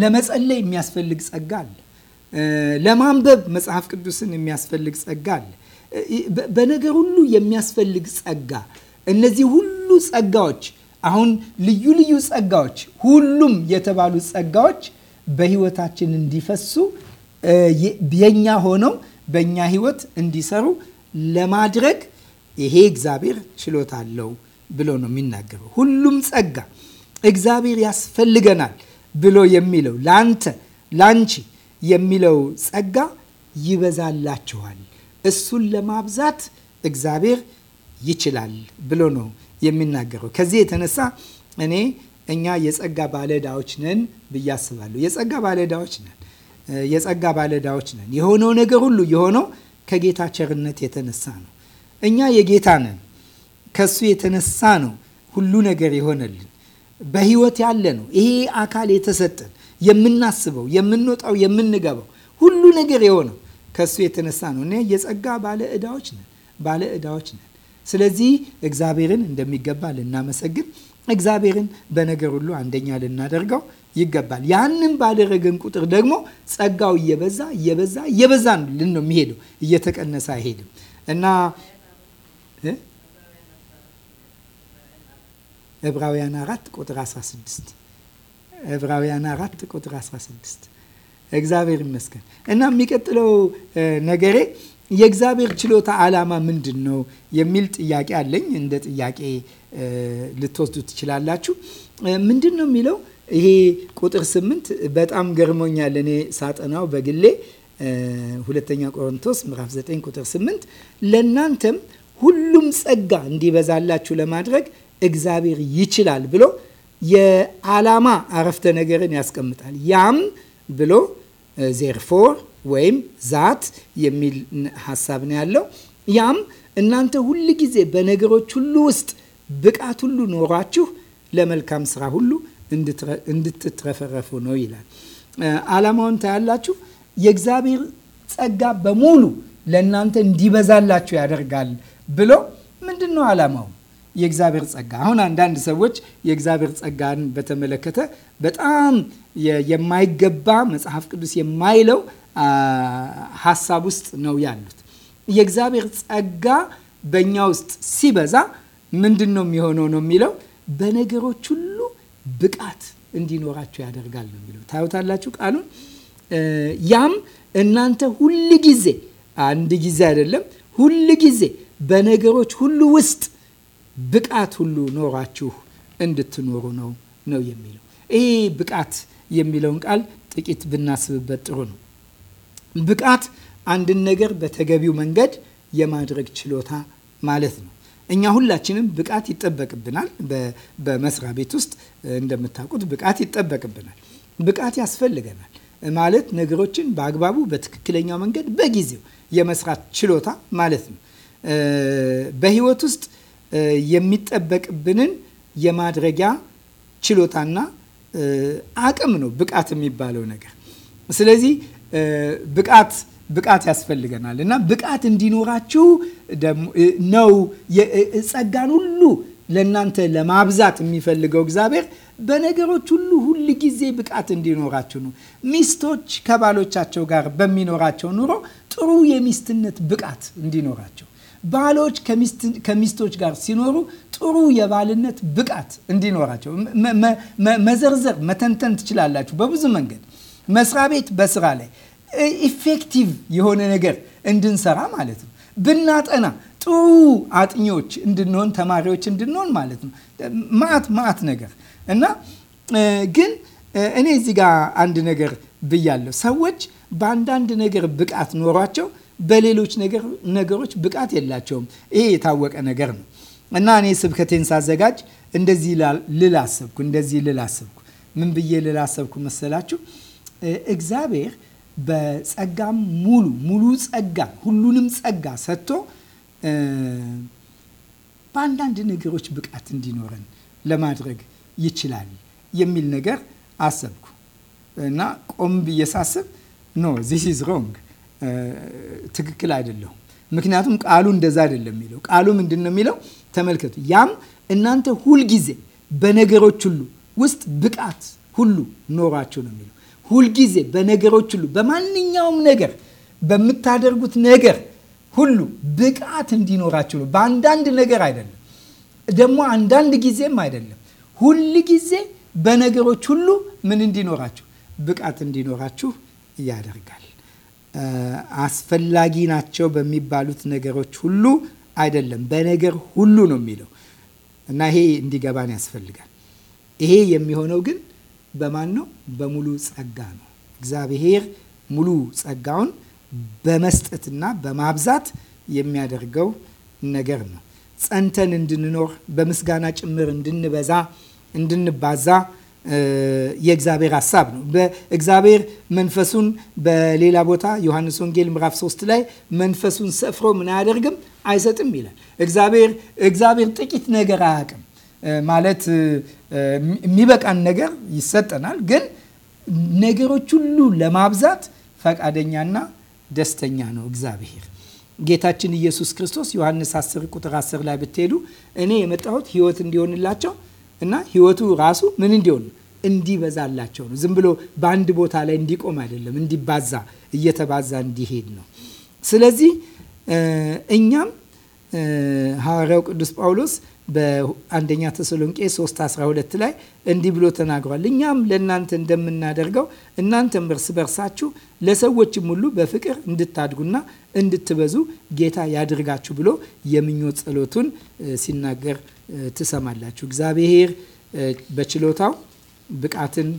ለመጸለይ የሚያስፈልግ ጸጋ አለ። ለማንበብ መጽሐፍ ቅዱስን የሚያስፈልግ ጸጋ አለ። በነገር ሁሉ የሚያስፈልግ ጸጋ እነዚህ ሁሉ ጸጋዎች አሁን ልዩ ልዩ ጸጋዎች ሁሉም የተባሉ ጸጋዎች በህይወታችን እንዲፈሱ የኛ ሆነው በእኛ ህይወት እንዲሰሩ ለማድረግ ይሄ እግዚአብሔር ችሎታ አለው ብሎ ነው የሚናገረው። ሁሉም ጸጋ እግዚአብሔር ያስፈልገናል። ብሎ የሚለው ለአንተ ላንቺ የሚለው ጸጋ ይበዛላችኋል። እሱን ለማብዛት እግዚአብሔር ይችላል ብሎ ነው የሚናገረው። ከዚህ የተነሳ እኔ እኛ የጸጋ ባለዕዳዎች ነን ብዬ አስባለሁ። የጸጋ ባለዕዳዎች ነን። የጸጋ ባለዕዳዎች ነን። የሆነው ነገር ሁሉ የሆነው ከጌታ ቸርነት የተነሳ ነው። እኛ የጌታ ነን። ከሱ የተነሳ ነው ሁሉ ነገር የሆነልን። በህይወት ያለ ነው። ይሄ አካል የተሰጠን የምናስበው፣ የምንወጣው፣ የምንገባው ሁሉ ነገር የሆነው ከእሱ የተነሳ ነው እና የጸጋ ባለ እዳዎች ነን ባለ እዳዎች ነን። ስለዚህ እግዚአብሔርን እንደሚገባ ልናመሰግን፣ እግዚአብሔርን በነገር ሁሉ አንደኛ ልናደርገው ይገባል። ያንን ባደረገን ቁጥር ደግሞ ጸጋው እየበዛ እየበዛ እየበዛ ነው የሚሄደው፣ እየተቀነሰ አይሄድም እና ዕብራውያን አራት ቁጥር 16 ዕብራውያን አራት ቁጥር 16 እግዚአብሔር ይመስገን እና የሚቀጥለው ነገሬ የእግዚአብሔር ችሎታ ዓላማ ምንድን ነው የሚል ጥያቄ አለኝ። እንደ ጥያቄ ልትወስዱ ትችላላችሁ። ምንድን ነው የሚለው ይሄ ቁጥር ስምንት በጣም ገርሞኛል። እኔ ሳጠናው በግሌ ሁለተኛ ቆሮንቶስ ምዕራፍ 9 ቁጥር 8 ለእናንተም ሁሉም ጸጋ እንዲበዛላችሁ ለማድረግ እግዚአብሔር ይችላል ብሎ የዓላማ አረፍተ ነገርን ያስቀምጣል። ያም ብሎ ዜርፎር ወይም ዛት የሚል ሀሳብ ነው ያለው። ያም እናንተ ሁል ጊዜ በነገሮች ሁሉ ውስጥ ብቃት ሁሉ ኖሯችሁ ለመልካም ስራ ሁሉ እንድትትረፈረፉ ነው ይላል። ዓላማውን ታያላችሁ። የእግዚአብሔር ጸጋ በሙሉ ለእናንተ እንዲበዛላችሁ ያደርጋል ብሎ ምንድን ነው ዓላማው? የእግዚአብሔር ጸጋ። አሁን አንዳንድ ሰዎች የእግዚአብሔር ጸጋን በተመለከተ በጣም የማይገባ መጽሐፍ ቅዱስ የማይለው ሀሳብ ውስጥ ነው ያሉት። የእግዚአብሔር ጸጋ በእኛ ውስጥ ሲበዛ ምንድን ነው የሚሆነው ነው የሚለው በነገሮች ሁሉ ብቃት እንዲኖራቸው ያደርጋል ነው የሚለው። ታዩታላችሁ ቃሉን። ያም እናንተ ሁል ጊዜ አንድ ጊዜ አይደለም ሁል ጊዜ በነገሮች ሁሉ ውስጥ ብቃት ሁሉ ኖሯችሁ እንድትኖሩ ነው ነው የሚለው። ይህ ብቃት የሚለውን ቃል ጥቂት ብናስብበት ጥሩ ነው። ብቃት አንድን ነገር በተገቢው መንገድ የማድረግ ችሎታ ማለት ነው። እኛ ሁላችንም ብቃት ይጠበቅብናል። በመስሪያ ቤት ውስጥ እንደምታውቁት ብቃት ይጠበቅብናል። ብቃት ያስፈልገናል ማለት ነገሮችን በአግባቡ በትክክለኛው መንገድ በጊዜው የመስራት ችሎታ ማለት ነው። በህይወት ውስጥ የሚጠበቅብንን የማድረጊያ ችሎታና አቅም ነው ብቃት የሚባለው ነገር። ስለዚህ ብቃት ብቃት ያስፈልገናል እና ብቃት እንዲኖራችሁ ነው ጸጋን ሁሉ ለእናንተ ለማብዛት የሚፈልገው እግዚአብሔር በነገሮች ሁሉ ሁል ጊዜ ብቃት እንዲኖራችሁ ነው። ሚስቶች ከባሎቻቸው ጋር በሚኖራቸው ኑሮ ጥሩ የሚስትነት ብቃት እንዲኖራቸው ባሎች ከሚስቶች ጋር ሲኖሩ ጥሩ የባልነት ብቃት እንዲኖራቸው መዘርዘር፣ መተንተን ትችላላችሁ። በብዙ መንገድ መስሪያ ቤት፣ በስራ ላይ ኢፌክቲቭ የሆነ ነገር እንድንሰራ ማለት ነው። ብናጠና ጥሩ አጥኚዎች እንድንሆን፣ ተማሪዎች እንድንሆን ማለት ነው። ማት ማት ነገር እና ግን እኔ እዚህ ጋር አንድ ነገር ብያለሁ። ሰዎች በአንዳንድ ነገር ብቃት ኖሯቸው በሌሎች ነገሮች ብቃት የላቸውም። ይሄ የታወቀ ነገር ነው እና እኔ ስብከቴን ሳዘጋጅ እንደዚህ ልል አሰብኩ። እንደዚህ ልል አሰብኩ። ምን ብዬ ልል አሰብኩ መሰላችሁ? እግዚአብሔር በጸጋም ሙሉ ሙሉ ጸጋ ሁሉንም ጸጋ ሰጥቶ በአንዳንድ ነገሮች ብቃት እንዲኖረን ለማድረግ ይችላል የሚል ነገር አሰብኩ እና ቆም ብዬ ሳስብ ኖ ዚስ ኢዝ ሮንግ ትክክል አይደለሁ ምክንያቱም ቃሉ እንደዛ አይደለም የሚለው። ቃሉ ምንድን ነው የሚለው? ተመልከቱ። ያም እናንተ ሁልጊዜ በነገሮች ሁሉ ውስጥ ብቃት ሁሉ ኖሯችሁ ነው የሚለው። ሁልጊዜ በነገሮች ሁሉ በማንኛውም ነገር በምታደርጉት ነገር ሁሉ ብቃት እንዲኖራችሁ ነው። በአንዳንድ ነገር አይደለም፣ ደግሞ አንዳንድ ጊዜም አይደለም። ሁል ጊዜ በነገሮች ሁሉ ምን እንዲኖራችሁ? ብቃት እንዲኖራችሁ ያደርጋል። አስፈላጊ ናቸው በሚባሉት ነገሮች ሁሉ አይደለም፣ በነገር ሁሉ ነው የሚለው እና ይሄ እንዲገባን ያስፈልጋል። ይሄ የሚሆነው ግን በማን ነው? በሙሉ ጸጋ ነው። እግዚአብሔር ሙሉ ጸጋውን በመስጠትና በማብዛት የሚያደርገው ነገር ነው። ጸንተን እንድንኖር በምስጋና ጭምር እንድንበዛ እንድንባዛ የእግዚአብሔር ሀሳብ ነው። በእግዚአብሔር መንፈሱን በሌላ ቦታ ዮሐንስ ወንጌል ምዕራፍ 3 ላይ መንፈሱን ሰፍሮ ምን አያደርግም አይሰጥም ይላል። እግዚአብሔር እግዚአብሔር ጥቂት ነገር አያውቅም ማለት የሚበቃን ነገር ይሰጠናል፣ ግን ነገሮች ሁሉ ለማብዛት ፈቃደኛና ደስተኛ ነው እግዚአብሔር። ጌታችን ኢየሱስ ክርስቶስ ዮሐንስ 10 ቁጥር 10 ላይ ብትሄዱ እኔ የመጣሁት ህይወት እንዲሆንላቸው እና ህይወቱ ራሱ ምን እንዲሆን ነው? እንዲበዛላቸው ነው። ዝም ብሎ በአንድ ቦታ ላይ እንዲቆም አይደለም፣ እንዲባዛ እየተባዛ እንዲሄድ ነው። ስለዚህ እኛም ሐዋርያው ቅዱስ ጳውሎስ በአንደኛ ተሰሎንቄ 3 12 ላይ እንዲህ ብሎ ተናግሯል። እኛም ለእናንተ እንደምናደርገው እናንተም እርስ በርሳችሁ ለሰዎችም ሁሉ በፍቅር እንድታድጉና እንድትበዙ ጌታ ያድርጋችሁ ብሎ የምኞት ጸሎቱን ሲናገር ትሰማላችሁ። እግዚአብሔር በችሎታው ብቃትን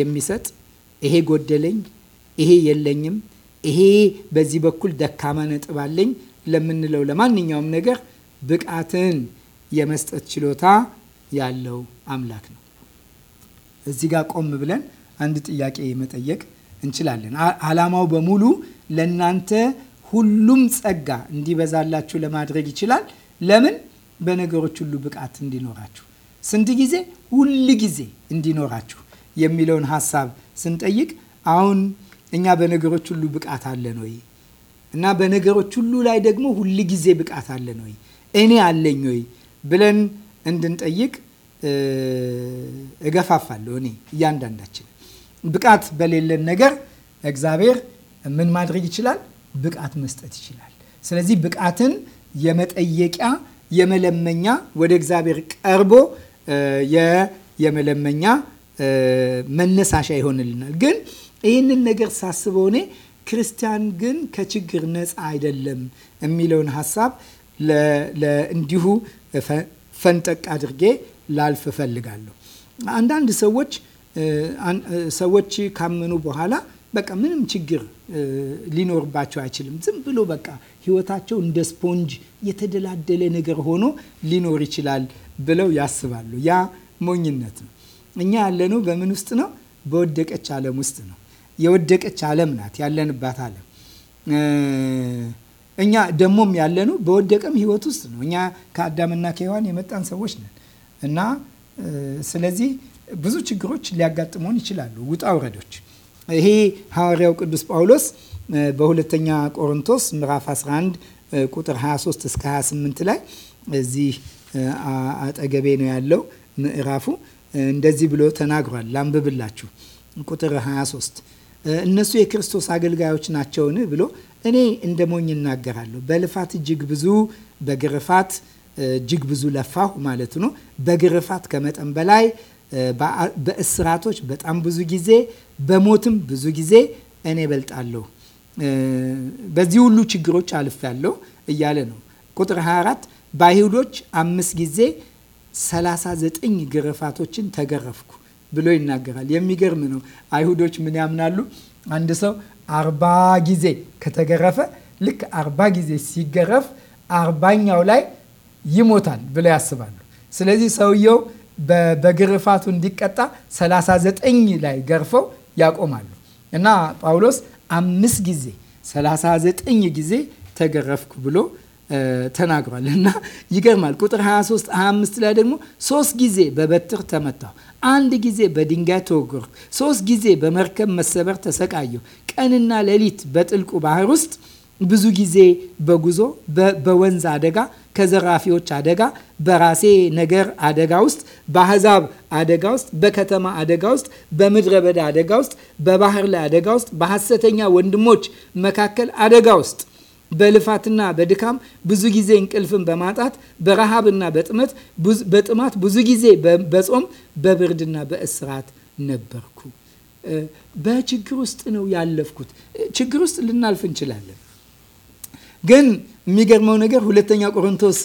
የሚሰጥ ይሄ ጎደለኝ፣ ይሄ የለኝም፣ ይሄ በዚህ በኩል ደካማ ነጥብ አለኝ ለምንለው ለማንኛውም ነገር ብቃትን የመስጠት ችሎታ ያለው አምላክ ነው። እዚህ ጋር ቆም ብለን አንድ ጥያቄ መጠየቅ እንችላለን። ዓላማው በሙሉ ለእናንተ ሁሉም ጸጋ እንዲበዛላችሁ ለማድረግ ይችላል። ለምን? በነገሮች ሁሉ ብቃት እንዲኖራችሁ። ስንት ጊዜ? ሁል ጊዜ እንዲኖራችሁ የሚለውን ሀሳብ ስንጠይቅ አሁን እኛ በነገሮች ሁሉ ብቃት አለን ወይ እና በነገሮች ሁሉ ላይ ደግሞ ሁል ጊዜ ብቃት አለን ወይ እኔ አለኝ ወይ ብለን እንድንጠይቅ እገፋፋለሁ። እኔ እያንዳንዳችን ብቃት በሌለን ነገር እግዚአብሔር ምን ማድረግ ይችላል? ብቃት መስጠት ይችላል። ስለዚህ ብቃትን የመጠየቂያ የመለመኛ ወደ እግዚአብሔር ቀርቦ የመለመኛ መነሳሻ ይሆንልናል። ግን ይህንን ነገር ሳስበው እኔ ክርስቲያን ግን ከችግር ነፃ አይደለም የሚለውን ሀሳብ እንዲሁ ፈንጠቅ አድርጌ ላልፍ እፈልጋለሁ። አንዳንድ ሰዎች ሰዎች ካመኑ በኋላ በቃ ምንም ችግር ሊኖርባቸው አይችልም። ዝም ብሎ በቃ ህይወታቸው እንደ ስፖንጅ የተደላደለ ነገር ሆኖ ሊኖር ይችላል ብለው ያስባሉ። ያ ሞኝነት ነው። እኛ ያለነው በምን ውስጥ ነው? በወደቀች ዓለም ውስጥ ነው። የወደቀች ዓለም ናት ያለንባት ዓለም። እኛ ደግሞም ያለኑ በወደቀም ህይወት ውስጥ ነው። እኛ ከአዳምና ከሔዋን የመጣን ሰዎች ነን እና ስለዚህ ብዙ ችግሮች ሊያጋጥሙን ይችላሉ፣ ውጣ ውረዶች። ይሄ ሐዋርያው ቅዱስ ጳውሎስ በሁለተኛ ቆሮንቶስ ምዕራፍ 11 ቁጥር 23 እስከ 28 ላይ እዚህ አጠገቤ ነው ያለው ምዕራፉ እንደዚህ ብሎ ተናግሯል። ላንብብላችሁ ቁጥር 23 እነሱ የክርስቶስ አገልጋዮች ናቸውን ብሎ እኔ እንደ ሞኝ እናገራለሁ። በልፋት እጅግ ብዙ፣ በግርፋት እጅግ ብዙ ለፋሁ ማለት ነው። በግርፋት ከመጠን በላይ በእስራቶች በጣም ብዙ ጊዜ፣ በሞትም ብዙ ጊዜ እኔ በልጣለሁ። በዚህ ሁሉ ችግሮች አልፌያለሁ እያለ ነው። ቁጥር 24 በአይሁዶች አምስት ጊዜ 39 ግርፋቶችን ተገረፍኩ ብሎ ይናገራል። የሚገርም ነው። አይሁዶች ምን ያምናሉ? አንድ ሰው አርባ ጊዜ ከተገረፈ ልክ አርባ ጊዜ ሲገረፍ አርባኛው ላይ ይሞታል ብለው ያስባሉ። ስለዚህ ሰውየው በግርፋቱ እንዲቀጣ 39 ላይ ገርፈው ያቆማሉ እና ጳውሎስ አምስት ጊዜ 39 ጊዜ ተገረፍኩ ብሎ ተናግሯል እና ይገርማል። ቁጥር 23 25 ላይ ደግሞ ሶስት ጊዜ በበትር ተመታሁ፣ አንድ ጊዜ በድንጋይ ተወገርኩ፣ ሶስት ጊዜ በመርከብ መሰበር ተሰቃየሁ። ቀንና ሌሊት በጥልቁ ባህር ውስጥ ብዙ ጊዜ በጉዞ በወንዝ አደጋ፣ ከዘራፊዎች አደጋ፣ በራሴ ነገር አደጋ ውስጥ፣ በአህዛብ አደጋ ውስጥ፣ በከተማ አደጋ ውስጥ፣ በምድረ በዳ አደጋ ውስጥ፣ በባህር ላይ አደጋ ውስጥ፣ በሐሰተኛ ወንድሞች መካከል አደጋ ውስጥ በልፋትና በድካም ብዙ ጊዜ እንቅልፍን በማጣት በረሃብና በጥመት በጥማት ብዙ ጊዜ በጾም በብርድና በእስራት ነበርኩ። በችግር ውስጥ ነው ያለፍኩት። ችግር ውስጥ ልናልፍ እንችላለን። ግን የሚገርመው ነገር ሁለተኛ ቆሮንቶስ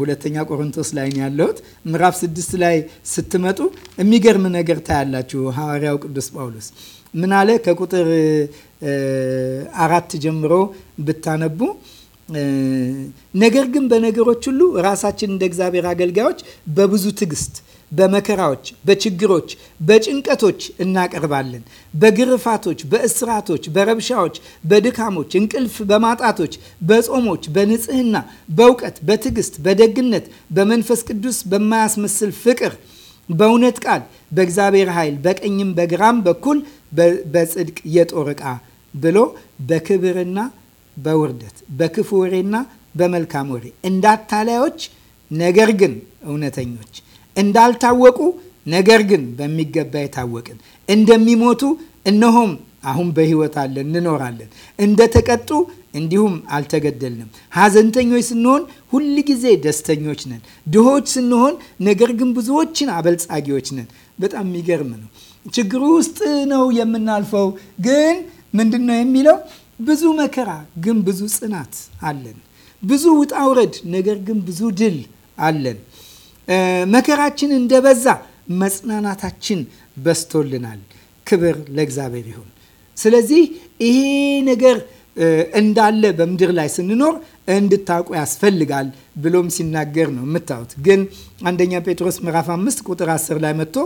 ሁለተኛ ቆሮንቶስ ላይ ነው ያለሁት። ምዕራፍ ስድስት ላይ ስትመጡ የሚገርም ነገር ታያላችሁ። ሐዋርያው ቅዱስ ጳውሎስ ምን አለ? ከቁጥር አራት ጀምሮ ብታነቡ ነገር ግን በነገሮች ሁሉ ራሳችን እንደ እግዚአብሔር አገልጋዮች በብዙ ትዕግስት፣ በመከራዎች፣ በችግሮች፣ በጭንቀቶች እናቀርባለን። በግርፋቶች፣ በእስራቶች፣ በረብሻዎች፣ በድካሞች፣ እንቅልፍ በማጣቶች፣ በጾሞች፣ በንጽህና፣ በእውቀት፣ በትዕግስት፣ በደግነት፣ በመንፈስ ቅዱስ በማያስመስል ፍቅር፣ በእውነት ቃል፣ በእግዚአብሔር ኃይል፣ በቀኝም በግራም በኩል በጽድቅ የጦር ዕቃ ብሎ በክብርና በውርደት በክፉ ወሬና በመልካም ወሬ እንዳታላዮች ነገር ግን እውነተኞች እንዳልታወቁ ነገር ግን በሚገባ የታወቅን እንደሚሞቱ እነሆም አሁን በሕይወት አለን እንኖራለን። እንደተቀጡ እንዲሁም አልተገደልንም። ሐዘንተኞች ስንሆን ሁል ጊዜ ደስተኞች ነን። ድሆች ስንሆን ነገር ግን ብዙዎችን አበልጻጊዎች ነን። በጣም የሚገርም ነው። ችግሩ ውስጥ ነው የምናልፈው ግን ምንድን ነው የሚለው? ብዙ መከራ ግን ብዙ ጽናት አለን። ብዙ ውጣ ውረድ ነገር ግን ብዙ ድል አለን። መከራችን እንደበዛ መጽናናታችን በስቶልናል። ክብር ለእግዚአብሔር ይሁን። ስለዚህ ይሄ ነገር እንዳለ በምድር ላይ ስንኖር እንድታውቁ ያስፈልጋል ብሎም ሲናገር ነው የምታዩት። ግን አንደኛ ጴጥሮስ ምዕራፍ አምስት ቁጥር አስር ላይ መጥቶ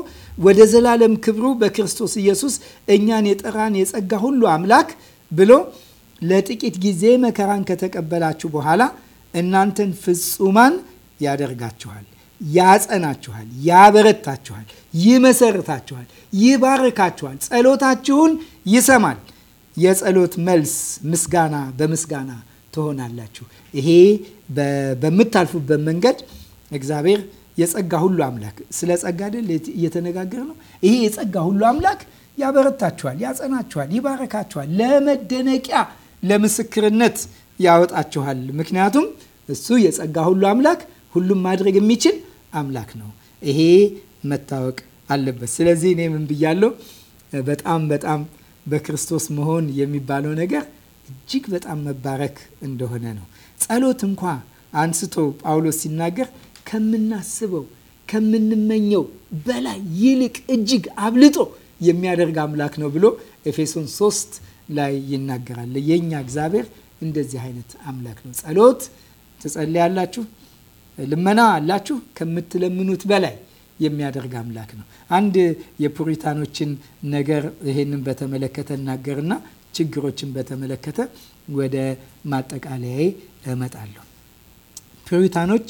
ወደ ዘላለም ክብሩ በክርስቶስ ኢየሱስ እኛን የጠራን የጸጋ ሁሉ አምላክ ብሎ ለጥቂት ጊዜ መከራን ከተቀበላችሁ በኋላ እናንተን ፍጹማን ያደርጋችኋል፣ ያጸናችኋል፣ ያበረታችኋል፣ ይመሰርታችኋል፣ ይባርካችኋል፣ ጸሎታችሁን ይሰማል። የጸሎት መልስ ምስጋና በምስጋና ትሆናላችሁ። ይሄ በምታልፉበት መንገድ እግዚአብሔር የጸጋ ሁሉ አምላክ ስለ ጸጋ አይደል እየተነጋገር ነው። ይሄ የጸጋ ሁሉ አምላክ ያበረታችኋል፣ ያጸናችኋል፣ ይባረካችኋል፣ ለመደነቂያ ለምስክርነት ያወጣችኋል። ምክንያቱም እሱ የጸጋ ሁሉ አምላክ ሁሉም ማድረግ የሚችል አምላክ ነው። ይሄ መታወቅ አለበት። ስለዚህ እኔ ምን ብያለሁ? በጣም በጣም በክርስቶስ መሆን የሚባለው ነገር እጅግ በጣም መባረክ እንደሆነ ነው። ጸሎት እንኳ አንስቶ ጳውሎስ ሲናገር ከምናስበው ከምንመኘው በላይ ይልቅ እጅግ አብልጦ የሚያደርግ አምላክ ነው ብሎ ኤፌሶን 3 ላይ ይናገራል። የእኛ እግዚአብሔር እንደዚህ አይነት አምላክ ነው። ጸሎት ትጸልያላችሁ፣ ልመና አላችሁ፣ ከምትለምኑት በላይ የሚያደርግ አምላክ ነው። አንድ የፑሪታኖችን ነገር ይሄንን በተመለከተ እናገርና ችግሮችን በተመለከተ ወደ ማጠቃለያ እመጣለሁ። ፒሪታኖች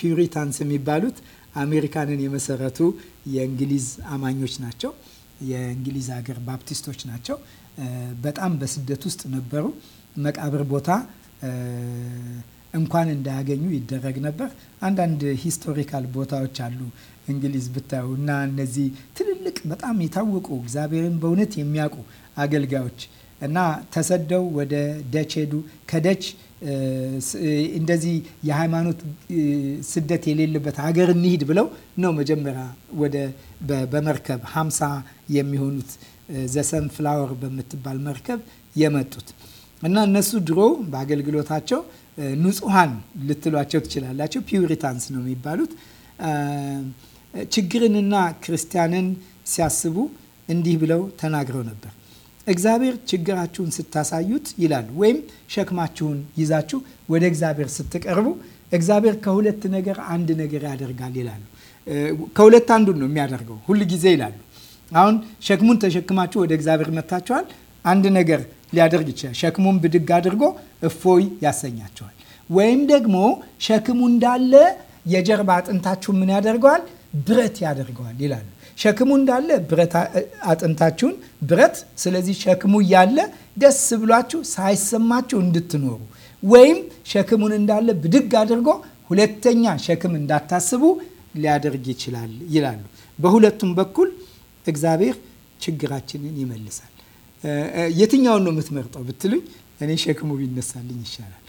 ፒሪታንስ የሚባሉት አሜሪካንን የመሰረቱ የእንግሊዝ አማኞች ናቸው። የእንግሊዝ ሀገር ባፕቲስቶች ናቸው። በጣም በስደት ውስጥ ነበሩ። መቃብር ቦታ እንኳን እንዳያገኙ ይደረግ ነበር። አንዳንድ ሂስቶሪካል ቦታዎች አሉ እንግሊዝ ብታዩ እና እነዚህ ትልልቅ በጣም የታወቁ እግዚአብሔርን በእውነት የሚያውቁ አገልጋዮች እና ተሰደው ወደ ደች ሄዱ። ከደች እንደዚህ የሃይማኖት ስደት የሌለበት ሀገር እንሂድ ብለው ነው መጀመሪያ ወደ በመርከብ ሀምሳ የሚሆኑት ዘሰን ፍላወር በምትባል መርከብ የመጡት እና እነሱ ድሮ በአገልግሎታቸው ንጹሐን ልትሏቸው ትችላላቸው። ፒውሪታንስ ነው የሚባሉት። ችግርንና ክርስቲያንን ሲያስቡ እንዲህ ብለው ተናግረው ነበር። እግዚአብሔር ችግራችሁን ስታሳዩት ይላሉ፣ ወይም ሸክማችሁን ይዛችሁ ወደ እግዚአብሔር ስትቀርቡ እግዚአብሔር ከሁለት ነገር አንድ ነገር ያደርጋል ይላሉ። ከሁለት አንዱን ነው የሚያደርገው ሁል ጊዜ ይላሉ። አሁን ሸክሙን ተሸክማችሁ ወደ እግዚአብሔር መታችኋል። አንድ ነገር ሊያደርግ ይችላል። ሸክሙን ብድግ አድርጎ እፎይ ያሰኛቸዋል። ወይም ደግሞ ሸክሙ እንዳለ የጀርባ አጥንታችሁን ምን ያደርገዋል? ብረት ያደርገዋል ይላሉ። ሸክሙ እንዳለ ብረት አጥንታችሁን ብረት። ስለዚህ ሸክሙ እያለ ደስ ብሏችሁ ሳይሰማችሁ እንድትኖሩ ወይም ሸክሙን እንዳለ ብድግ አድርጎ ሁለተኛ ሸክም እንዳታስቡ ሊያደርግ ይችላል ይላሉ። በሁለቱም በኩል እግዚአብሔር ችግራችንን ይመልሳል። የትኛውን ነው የምትመርጠው ብትሉኝ እኔ ሸክሙ ቢነሳልኝ ይሻላል።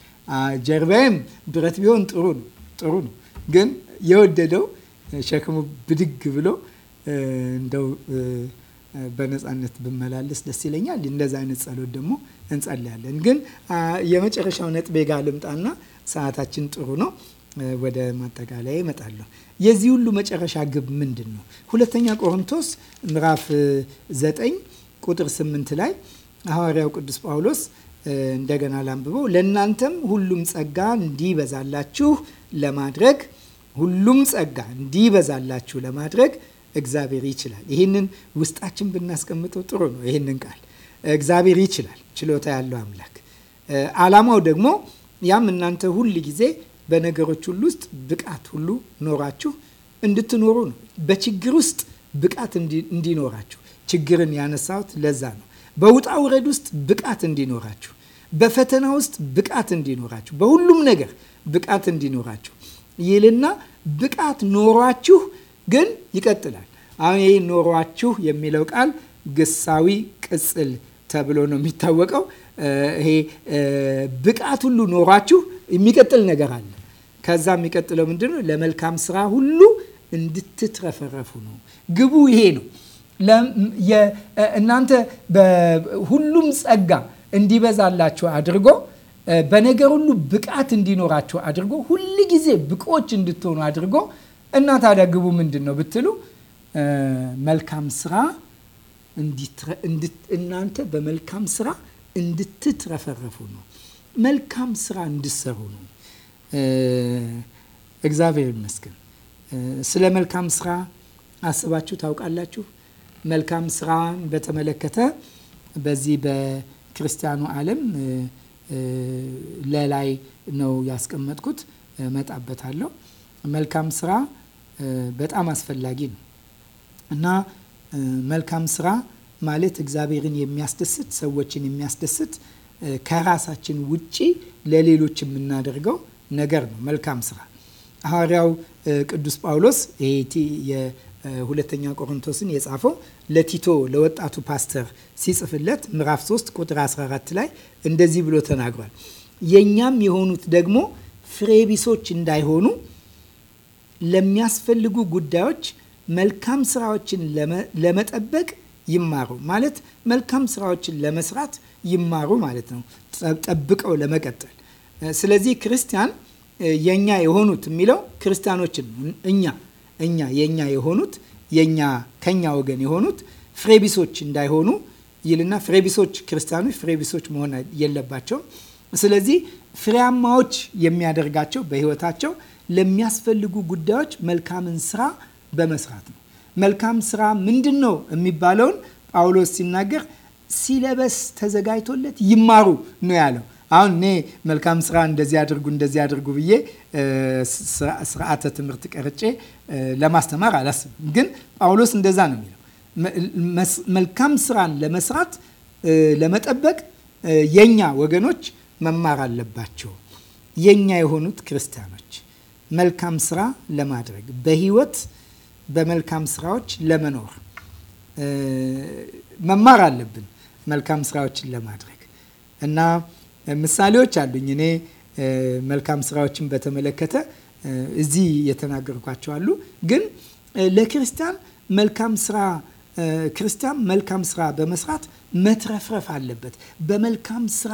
ጀርባዬም ብረት ቢሆን ጥሩ ነው ጥሩ ነው። ግን የወደደው ሸክሙ ብድግ ብሎ እንደው በነፃነት ብመላለስ ደስ ይለኛል። እንደዛ አይነት ጸሎት ደግሞ እንጸልያለን። ግን የመጨረሻው ነጥቤ ጋር ልምጣና ሰዓታችን ጥሩ ነው፣ ወደ ማጠቃለያ ይመጣለሁ። የዚህ ሁሉ መጨረሻ ግብ ምንድን ነው? ሁለተኛ ቆሮንቶስ ምዕራፍ ዘጠኝ ቁጥር ስምንት ላይ ሐዋርያው ቅዱስ ጳውሎስ እንደገና ላንብበው። ለእናንተም ሁሉም ጸጋ እንዲበዛላችሁ ለማድረግ ሁሉም ጸጋ እንዲበዛላችሁ ለማድረግ እግዚአብሔር ይችላል። ይህንን ውስጣችን ብናስቀምጠው ጥሩ ነው። ይህንን ቃል እግዚአብሔር ይችላል፣ ችሎታ ያለው አምላክ። ዓላማው ደግሞ ያም እናንተ ሁል ጊዜ በነገሮች ሁሉ ውስጥ ብቃት ሁሉ ኖራችሁ እንድትኖሩ ነው። በችግር ውስጥ ብቃት እንዲኖራችሁ ችግርን ያነሳሁት ለዛ ነው። በውጣ ውረድ ውስጥ ብቃት እንዲኖራችሁ፣ በፈተና ውስጥ ብቃት እንዲኖራችሁ፣ በሁሉም ነገር ብቃት እንዲኖራችሁ ይልና ብቃት ኖሯችሁ ግን ይቀጥላል። አሁን ይህ ኖሯችሁ የሚለው ቃል ግሳዊ ቅጽል ተብሎ ነው የሚታወቀው። ይሄ ብቃት ሁሉ ኖሯችሁ የሚቀጥል ነገር አለ። ከዛ የሚቀጥለው ምንድን ነው? ለመልካም ስራ ሁሉ እንድትትረፈረፉ ነው። ግቡ ይሄ ነው። እናንተ ሁሉም ጸጋ እንዲበዛላችሁ አድርጎ በነገር ሁሉ ብቃት እንዲኖራችሁ አድርጎ ሁል ጊዜ ብቆች እንድትሆኑ አድርጎ እና ታዲያ ግቡ ምንድን ነው ብትሉ መልካም ስራ እናንተ በመልካም ስራ እንድትትረፈረፉ ነው። መልካም ስራ እንድሰሩ ነው። እግዚአብሔር ይመስገን። ስለ መልካም ስራ አስባችሁ ታውቃላችሁ? መልካም ስራን በተመለከተ በዚህ በክርስቲያኑ ዓለም ለላይ ነው ያስቀመጥኩት። እመጣበታለሁ። መልካም ስራ በጣም አስፈላጊ ነው እና መልካም ስራ ማለት እግዚአብሔርን የሚያስደስት ሰዎችን የሚያስደስት ከራሳችን ውጪ ለሌሎች የምናደርገው ነገር ነው መልካም ስራ። ሐዋርያው ቅዱስ ጳውሎስ ሁለተኛ ቆሮንቶስን የጻፈው ለቲቶ ለወጣቱ ፓስተር ሲጽፍለት ምዕራፍ 3 ቁጥር 14 ላይ እንደዚህ ብሎ ተናግሯል። የእኛም የሆኑት ደግሞ ፍሬቢሶች እንዳይሆኑ ለሚያስፈልጉ ጉዳዮች መልካም ስራዎችን ለመጠበቅ ይማሩ ማለት መልካም ስራዎችን ለመስራት ይማሩ ማለት ነው፣ ጠብቀው ለመቀጠል። ስለዚህ ክርስቲያን የእኛ የሆኑት የሚለው ክርስቲያኖችን እኛ እኛ የኛ የሆኑት የኛ ከኛ ወገን የሆኑት ፍሬቢሶች እንዳይሆኑ ይልና ፍሬቢሶች ክርስቲያኖች ፍሬቢሶች መሆን የለባቸውም። ስለዚህ ፍሬያማዎች የሚያደርጋቸው በህይወታቸው ለሚያስፈልጉ ጉዳዮች መልካምን ስራ በመስራት ነው። መልካም ስራ ምንድን ነው የሚባለውን ጳውሎስ ሲናገር ሲለበስ ተዘጋጅቶለት ይማሩ ነው ያለው። አሁን እኔ መልካም ስራ እንደዚህ አድርጉ እንደዚህ አድርጉ ብዬ ስርዓተ ትምህርት ቀርጬ ለማስተማር አላስብም። ግን ጳውሎስ እንደዛ ነው የሚለው መልካም ስራን ለመስራት ለመጠበቅ የኛ ወገኖች መማር አለባቸው። የኛ የሆኑት ክርስቲያኖች መልካም ስራ ለማድረግ በህይወት በመልካም ስራዎች ለመኖር መማር አለብን መልካም ስራዎችን ለማድረግ እና ምሳሌዎች አሉኝ። እኔ መልካም ስራዎችን በተመለከተ እዚህ የተናገርኳቸው አሉ። ግን ለክርስቲያን መልካም ስራ ክርስቲያን መልካም ስራ በመስራት መትረፍረፍ አለበት። በመልካም ስራ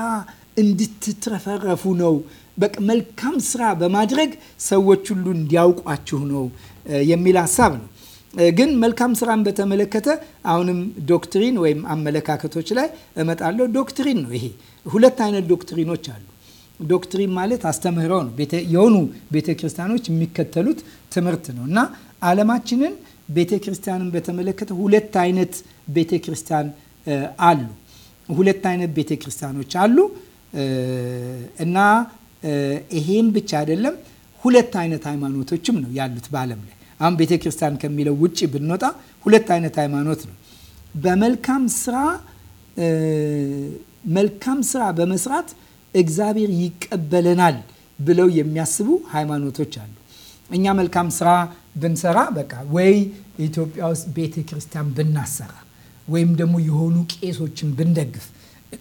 እንድትትረፈረፉ ነው። በቃ መልካም ስራ በማድረግ ሰዎች ሁሉ እንዲያውቋችሁ ነው የሚል ሀሳብ ነው። ግን መልካም ስራን በተመለከተ አሁንም ዶክትሪን ወይም አመለካከቶች ላይ እመጣለሁ። ዶክትሪን ነው ይሄ። ሁለት አይነት ዶክትሪኖች አሉ። ዶክትሪን ማለት አስተምህሮ ነው። የሆኑ ቤተ ክርስቲያኖች የሚከተሉት ትምህርት ነው እና አለማችንን ቤተ ክርስቲያንን በተመለከተ ሁለት አይነት ቤተ ክርስቲያን አሉ። ሁለት አይነት ቤተ ክርስቲያኖች አሉ እና ይሄም ብቻ አይደለም ሁለት አይነት ሃይማኖቶችም ነው ያሉት በዓለም ላይ አሁን ቤተ ክርስቲያን ከሚለው ውጭ ብንወጣ ሁለት አይነት ሃይማኖት ነው። በመልካም ስራ መልካም ስራ በመስራት እግዚአብሔር ይቀበለናል ብለው የሚያስቡ ሃይማኖቶች አሉ። እኛ መልካም ስራ ብንሰራ በቃ ወይ ኢትዮጵያ ውስጥ ቤተ ክርስቲያን ብናሰራ ወይም ደግሞ የሆኑ ቄሶችን ብንደግፍ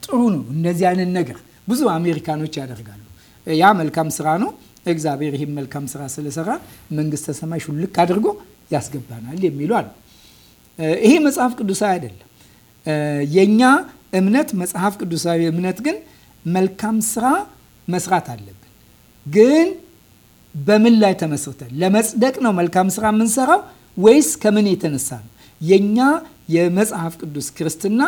ጥሩ ነው። እንደዚህ አይነት ነገር ብዙ አሜሪካኖች ያደርጋሉ። ያ መልካም ስራ ነው። እግዚአብሔር ይህም መልካም ስራ ስለሰራ መንግስተ ሰማይ ሹልክ አድርጎ ያስገባናል የሚሉ አሉ። ይሄ መጽሐፍ ቅዱሳዊ አይደለም። የእኛ እምነት መጽሐፍ ቅዱሳዊ እምነት ግን መልካም ስራ መስራት አለብን። ግን በምን ላይ ተመስርተን ለመጽደቅ ነው መልካም ስራ የምንሰራው ወይስ ከምን የተነሳ ነው? የእኛ የመጽሐፍ ቅዱስ ክርስትና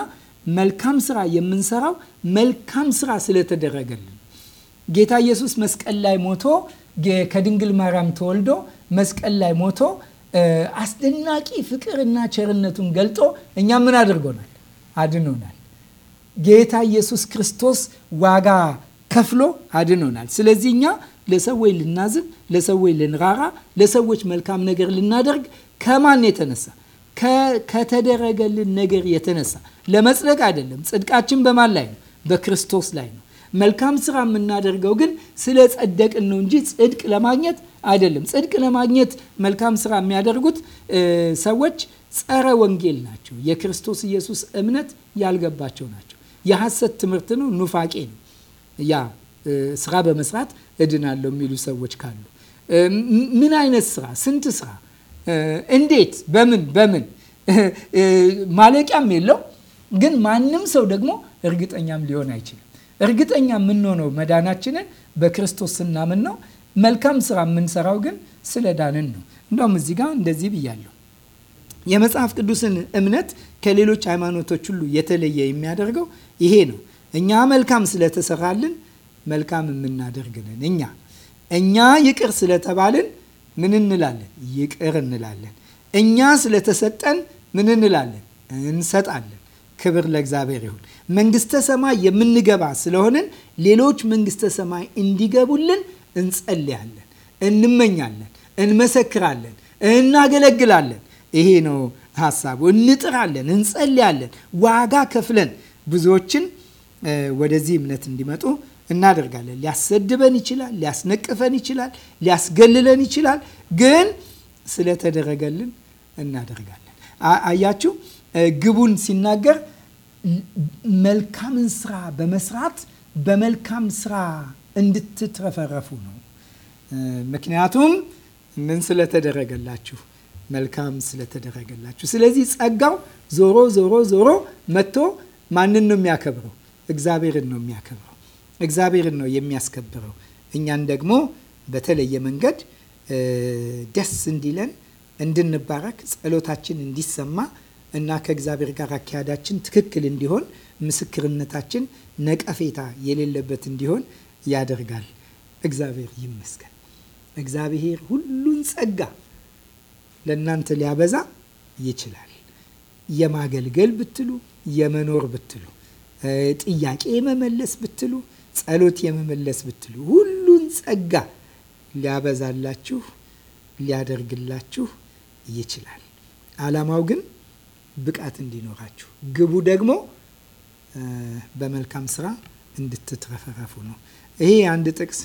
መልካም ስራ የምንሰራው መልካም ስራ ስለተደረገልን ጌታ ኢየሱስ መስቀል ላይ ሞቶ ከድንግል ማርያም ተወልዶ መስቀል ላይ ሞቶ አስደናቂ ፍቅርና ቸርነቱን ገልጦ እኛ ምን አድርጎናል? አድኖናል። ጌታ ኢየሱስ ክርስቶስ ዋጋ ከፍሎ አድኖናል። ስለዚህ እኛ ለሰዎች ልናዝን፣ ለሰዎች ልንራራ፣ ለሰዎች መልካም ነገር ልናደርግ ከማን የተነሳ ከተደረገልን ነገር የተነሳ ለመጽደቅ አይደለም። ጽድቃችን በማን ላይ ነው? በክርስቶስ ላይ ነው። መልካም ስራ የምናደርገው ግን ስለ ጸደቅን ነው እንጂ ጽድቅ ለማግኘት አይደለም። ጽድቅ ለማግኘት መልካም ስራ የሚያደርጉት ሰዎች ጸረ ወንጌል ናቸው። የክርስቶስ ኢየሱስ እምነት ያልገባቸው ናቸው። የሐሰት ትምህርት ነው፣ ኑፋቄ ነው። ያ ስራ በመስራት እድናለሁ የሚሉ ሰዎች ካሉ ምን አይነት ስራ? ስንት ስራ? እንዴት? በምን በምን? ማለቂያም የለው። ግን ማንም ሰው ደግሞ እርግጠኛም ሊሆን አይችልም። እርግጠኛ የምንሆነው መዳናችንን በክርስቶስ ስናምን ነው። መልካም ስራ የምንሰራው ግን ስለ ዳንን ነው። እንደውም እዚህ ጋር እንደዚህ ብያለሁ። የመጽሐፍ ቅዱስን እምነት ከሌሎች ሃይማኖቶች ሁሉ የተለየ የሚያደርገው ይሄ ነው። እኛ መልካም ስለተሰራልን መልካም የምናደርግንን እኛ እኛ ይቅር ስለተባልን ምን እንላለን? ይቅር እንላለን። እኛ ስለተሰጠን ምን እንላለን? እንሰጣለን። ክብር ለእግዚአብሔር ይሁን። መንግስተ ሰማይ የምንገባ ስለሆንን ሌሎች መንግስተ ሰማይ እንዲገቡልን እንጸልያለን፣ እንመኛለን፣ እንመሰክራለን፣ እናገለግላለን። ይሄ ነው ሀሳቡ። እንጥራለን፣ እንጸልያለን፣ ዋጋ ከፍለን ብዙዎችን ወደዚህ እምነት እንዲመጡ እናደርጋለን። ሊያሰድበን ይችላል፣ ሊያስነቅፈን ይችላል፣ ሊያስገልለን ይችላል። ግን ስለተደረገልን እናደርጋለን። አያችሁ ግቡን ሲናገር መልካምን ስራ በመስራት በመልካም ስራ እንድትትረፈረፉ ነው። ምክንያቱም ምን ስለተደረገላችሁ መልካም ስለተደረገላችሁ። ስለዚህ ጸጋው ዞሮ ዞሮ ዞሮ መጥቶ ማንን ነው የሚያከብረው? እግዚአብሔርን ነው የሚያከብረው። እግዚአብሔርን ነው የሚያስከብረው። እኛን ደግሞ በተለየ መንገድ ደስ እንዲለን እንድንባረክ ጸሎታችን እንዲሰማ እና ከእግዚአብሔር ጋር አካሄዳችን ትክክል እንዲሆን ምስክርነታችን ነቀፌታ የሌለበት እንዲሆን ያደርጋል። እግዚአብሔር ይመስገን። እግዚአብሔር ሁሉን ጸጋ ለእናንተ ሊያበዛ ይችላል። የማገልገል ብትሉ፣ የመኖር ብትሉ፣ ጥያቄ የመመለስ ብትሉ፣ ጸሎት የመመለስ ብትሉ፣ ሁሉን ጸጋ ሊያበዛላችሁ ሊያደርግላችሁ ይችላል። ዓላማው ግን ብቃት እንዲኖራችሁ፣ ግቡ ደግሞ በመልካም ስራ እንድትትረፈረፉ ነው። ይሄ አንድ ጥቅስ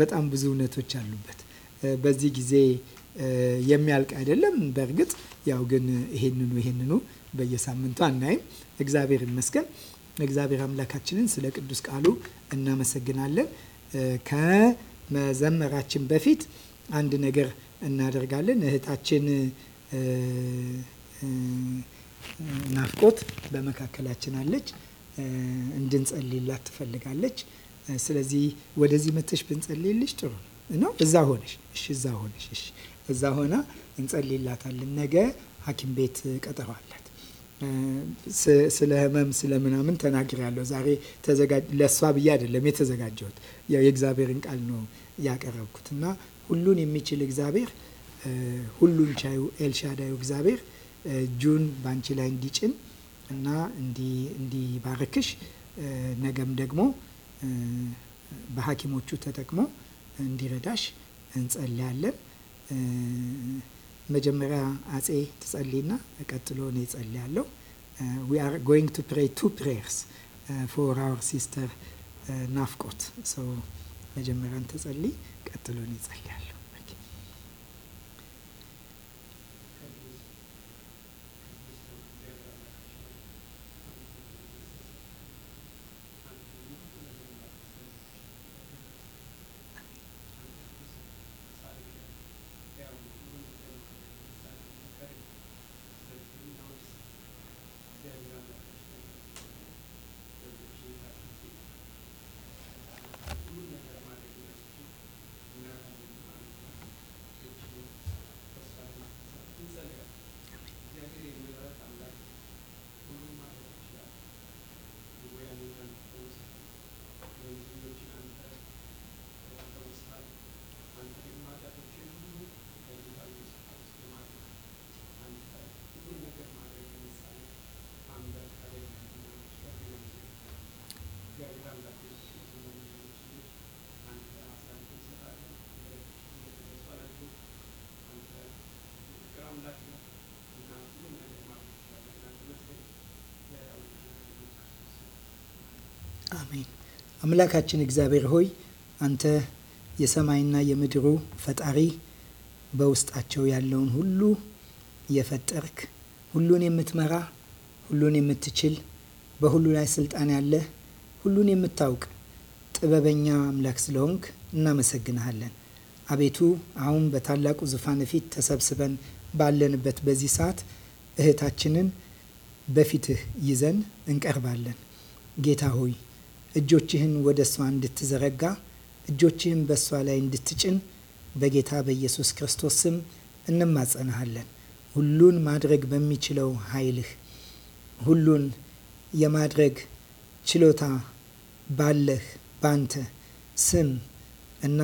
በጣም ብዙ እውነቶች አሉበት። በዚህ ጊዜ የሚያልቅ አይደለም። በእርግጥ ያው ግን ይሄንኑ ይሄንኑ በየሳምንቱ አናይም። እግዚአብሔር ይመስገን። እግዚአብሔር አምላካችንን ስለ ቅዱስ ቃሉ እናመሰግናለን። ከመዘመራችን በፊት አንድ ነገር እናደርጋለን። እህታችን ናፍቆት በመካከላችን አለች። እንድንጸልይላት ትፈልጋለች። ስለዚህ ወደዚህ መተሽ ብንጸልይልሽ ጥሩ ነው። እዛ ሆነሽ እሺ፣ እዛ ሆነሽ እሺ፣ እዛ ሆና እንጸልይላታለን። ነገ ሐኪም ቤት ቀጠሮ አላት። ስለ ህመም ስለ ምናምን ተናግሬያለሁ። ዛሬ ለእሷ ብዬ አይደለም የተዘጋጀሁት፣ የእግዚአብሔርን ቃል ነው ያቀረብኩት እና ሁሉን የሚችል እግዚአብሔር ሁሉን ቻዩ ኤልሻዳዩ እግዚአብሔር እጁን በአንቺ ላይ እንዲጭን እና እንዲባርክሽ ነገም ደግሞ በሐኪሞቹ ተጠቅሞ እንዲረዳሽ እንጸልያለን። መጀመሪያ አጼ ትጸልይና ቀጥሎ እኔ እጸልያለሁ። ዊ አር ጎይንግ ቱ ፕሬይ ቱ ፕሬየርስ ፎር አወር ሲስተር ናፍቆት። መጀመሪያን ትጸልይ፣ ቀጥሎ እኔ እጸልያለሁ። አሜን። አምላካችን እግዚአብሔር ሆይ አንተ የሰማይና የምድሩ ፈጣሪ በውስጣቸው ያለውን ሁሉ የፈጠርክ ሁሉን የምትመራ ሁሉን የምትችል በሁሉ ላይ ስልጣን ያለ ሁሉን የምታውቅ ጥበበኛ አምላክ ስለሆንክ እናመሰግንሃለን። አቤቱ አሁን በታላቁ ዙፋን ፊት ተሰብስበን ባለንበት በዚህ ሰዓት እህታችንን በፊትህ ይዘን እንቀርባለን። ጌታ ሆይ እጆችህን ወደ እሷ እንድትዘረጋ እጆችህን በእሷ ላይ እንድትጭን በጌታ በኢየሱስ ክርስቶስ ስም እንማጸናሃለን። ሁሉን ማድረግ በሚችለው ኃይልህ ሁሉን የማድረግ ችሎታ ባለህ ባንተ ስም እና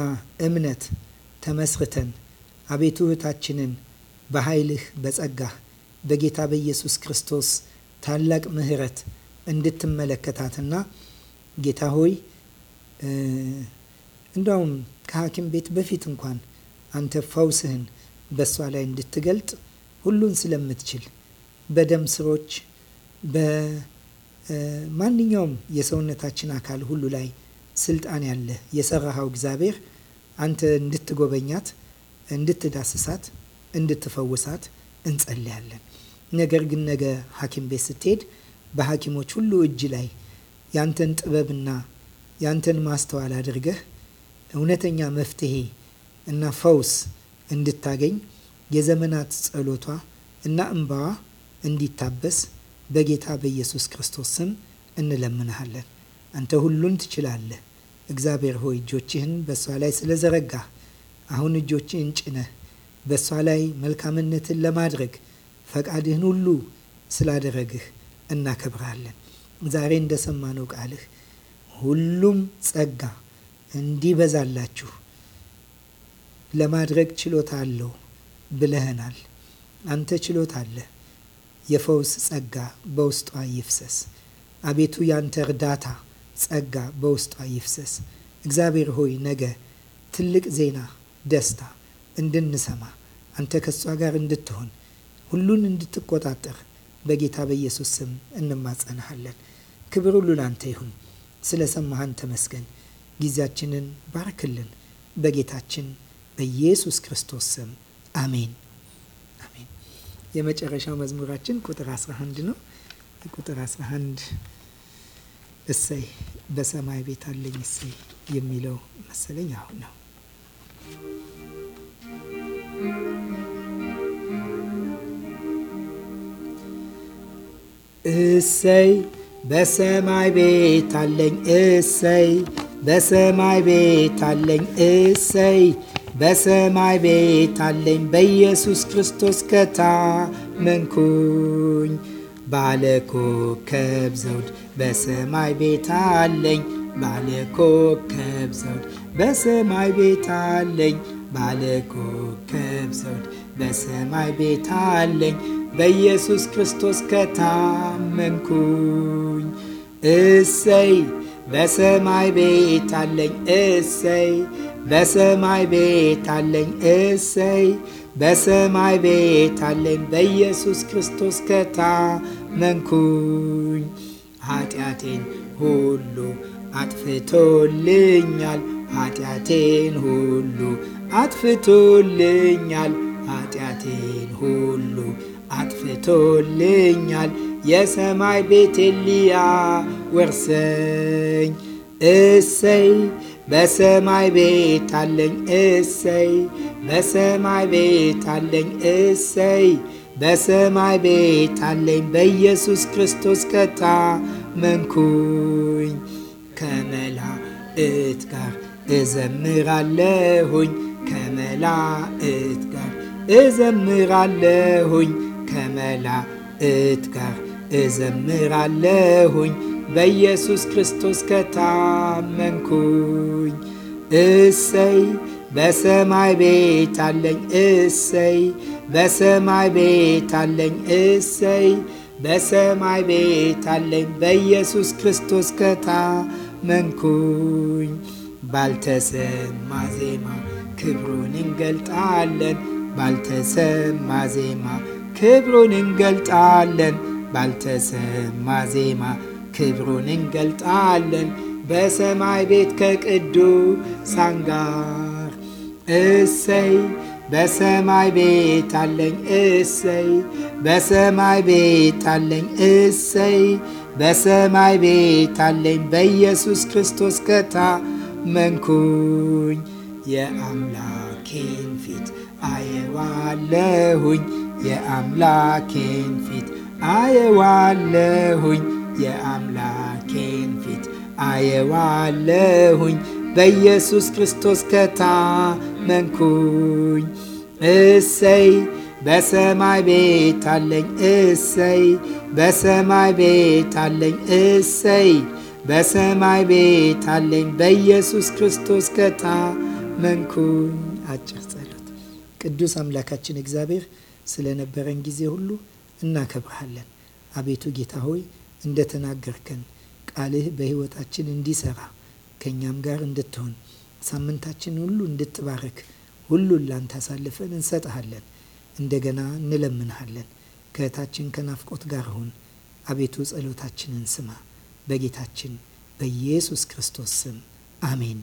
እምነት ተመስርተን አቤቱ እህታችንን በኃይልህ በጸጋህ በጌታ በኢየሱስ ክርስቶስ ታላቅ ምሕረት እንድትመለከታትና ጌታ ሆይ እንዳውም ከሐኪም ቤት በፊት እንኳን አንተ ፈውስህን በእሷ ላይ እንድትገልጥ ሁሉን ስለምትችል በደም ስሮች በማንኛውም የሰውነታችን አካል ሁሉ ላይ ስልጣን ያለ የሰራሃው እግዚአብሔር አንተ እንድትጎበኛት፣ እንድትዳስሳት፣ እንድትፈውሳት እንጸልያለን። ነገር ግን ነገ ሐኪም ቤት ስትሄድ በሐኪሞች ሁሉ እጅ ላይ ያንተን ጥበብና ያንተን ማስተዋል አድርገህ እውነተኛ መፍትሄ እና ፈውስ እንድታገኝ የዘመናት ጸሎቷ እና እንባዋ እንዲታበስ በጌታ በኢየሱስ ክርስቶስ ስም እንለምንሃለን። አንተ ሁሉን ትችላለህ። እግዚአብሔር ሆይ እጆችህን በእሷ ላይ ስለዘረጋ አሁን እጆችህን ጭነህ በእሷ ላይ መልካምነትን ለማድረግ ፈቃድህን ሁሉ ስላደረግህ እናከብራለን። ዛሬ እንደሰማነው ቃልህ ሁሉም ጸጋ እንዲበዛላችሁ ለማድረግ ችሎታ አለው ብለህናል። አንተ ችሎታ አለ የፈውስ ጸጋ በውስጧ ይፍሰስ። አቤቱ ያንተ እርዳታ ጸጋ በውስጧ ይፍሰስ። እግዚአብሔር ሆይ ነገ ትልቅ ዜና፣ ደስታ እንድንሰማ አንተ ከእሷ ጋር እንድትሆን ሁሉን እንድትቆጣጠር በጌታ በኢየሱስ ስም እንማጸናሃለን። ክብር ሁሉ ላንተ ይሁን። ስለ ሰማሃን ተመስገን። ጊዜያችንን ባርክልን። በጌታችን በኢየሱስ ክርስቶስ ስም አሜን። አሜን። የመጨረሻው መዝሙራችን ቁጥር 11 ነው። ቁጥር 11 እሰይ በሰማይ ቤት አለኝ እሰይ የሚለው መሰለኝ አሁን ነው። እሰይ በሰማይ ቤት አለኝ እሰይ በሰማይ ቤት አለኝ እሰይ በሰማይ ቤት አለኝ በኢየሱስ ክርስቶስ ከታመንኩኝ ባለኮከብ ዘውድ በሰማይ ቤት አለኝ ባለኮከብ ዘውድ በሰማይ ቤት አለኝ ባለኮከብ ዘውድ በሰማይ ቤት አለኝ በኢየሱስ ክርስቶስ ከታመንኩኝ እሰይ በሰማይ ቤት አለኝ እሰይ በሰማይ ቤት አለኝ እሰይ በሰማይ ቤት አለኝ በኢየሱስ ክርስቶስ ከታመንኩኝ ኃጢአቴን ሁሉ አጥፍቶልኛል ኃጢአቴን ሁሉ አጥፍቶልኛል ኃጢአቴን ሁሉ አጥፍቶልኛል የሰማይ ቤት ወርሰኝ እሰይ በሰማይ ቤት አለኝ እሰይ በሰማይ ቤት አለኝ እሰይ በሰማይ ቤት አለኝ በኢየሱስ ክርስቶስ ከታመንኩኝ ከመላእክት ጋር እዘምራለሁኝ ከመላእክት ጋር እዘምራለሁኝ ከመላእክት ጋር እዘምራለሁኝ በኢየሱስ ክርስቶስ ከታመንኩኝ። እሰይ በሰማይ ቤት አለኝ እሰይ በሰማይ ቤት አለኝ እሰይ በሰማይ ቤት አለኝ በኢየሱስ ክርስቶስ ከታመንኩኝ። ባልተሰማ ዜማ ክብሩን እንገልጣለን ባልተሰማ ዜማ ክብሩን እንገልጣለን ባልተሰማ ዜማ ክብሩን እንገልጣለን በሰማይ ቤት ከቅዱሳን ጋር እሰይ በሰማይ ቤት አለኝ እሰይ በሰማይ ቤት አለኝ እሰይ በሰማይ ቤት አለኝ በኢየሱስ ክርስቶስ ከታመንኩኝ የአምላኬን ፊት አየዋለሁኝ የአምላኬን ፊት አየዋለሁኝ የአምላኬን ፊት አየዋለሁኝ በኢየሱስ ክርስቶስ ከታመንኩኝ። እሰይ በሰማይ ቤት አለኝ እሰይ በሰማይ ቤት አለኝ እሰይ በሰማይ ቤት አለኝ በኢየሱስ ክርስቶስ ከታመንኩኝ። አጭር ጸሎት። ቅዱስ አምላካችን እግዚአብሔር ስለነበረን ጊዜ ሁሉ እናከብርሃለን። አቤቱ ጌታ ሆይ እንደተናገርከን ቃልህ በሕይወታችን እንዲሰራ ከእኛም ጋር እንድትሆን ሳምንታችን ሁሉ እንድትባረክ ሁሉን ላንተ አሳልፈን እንሰጥሃለን። እንደገና እንለምንሃለን። ከእህታችን ከናፍቆት ጋር ሁን። አቤቱ ጸሎታችንን ስማ። በጌታችን በኢየሱስ ክርስቶስ ስም አሜን።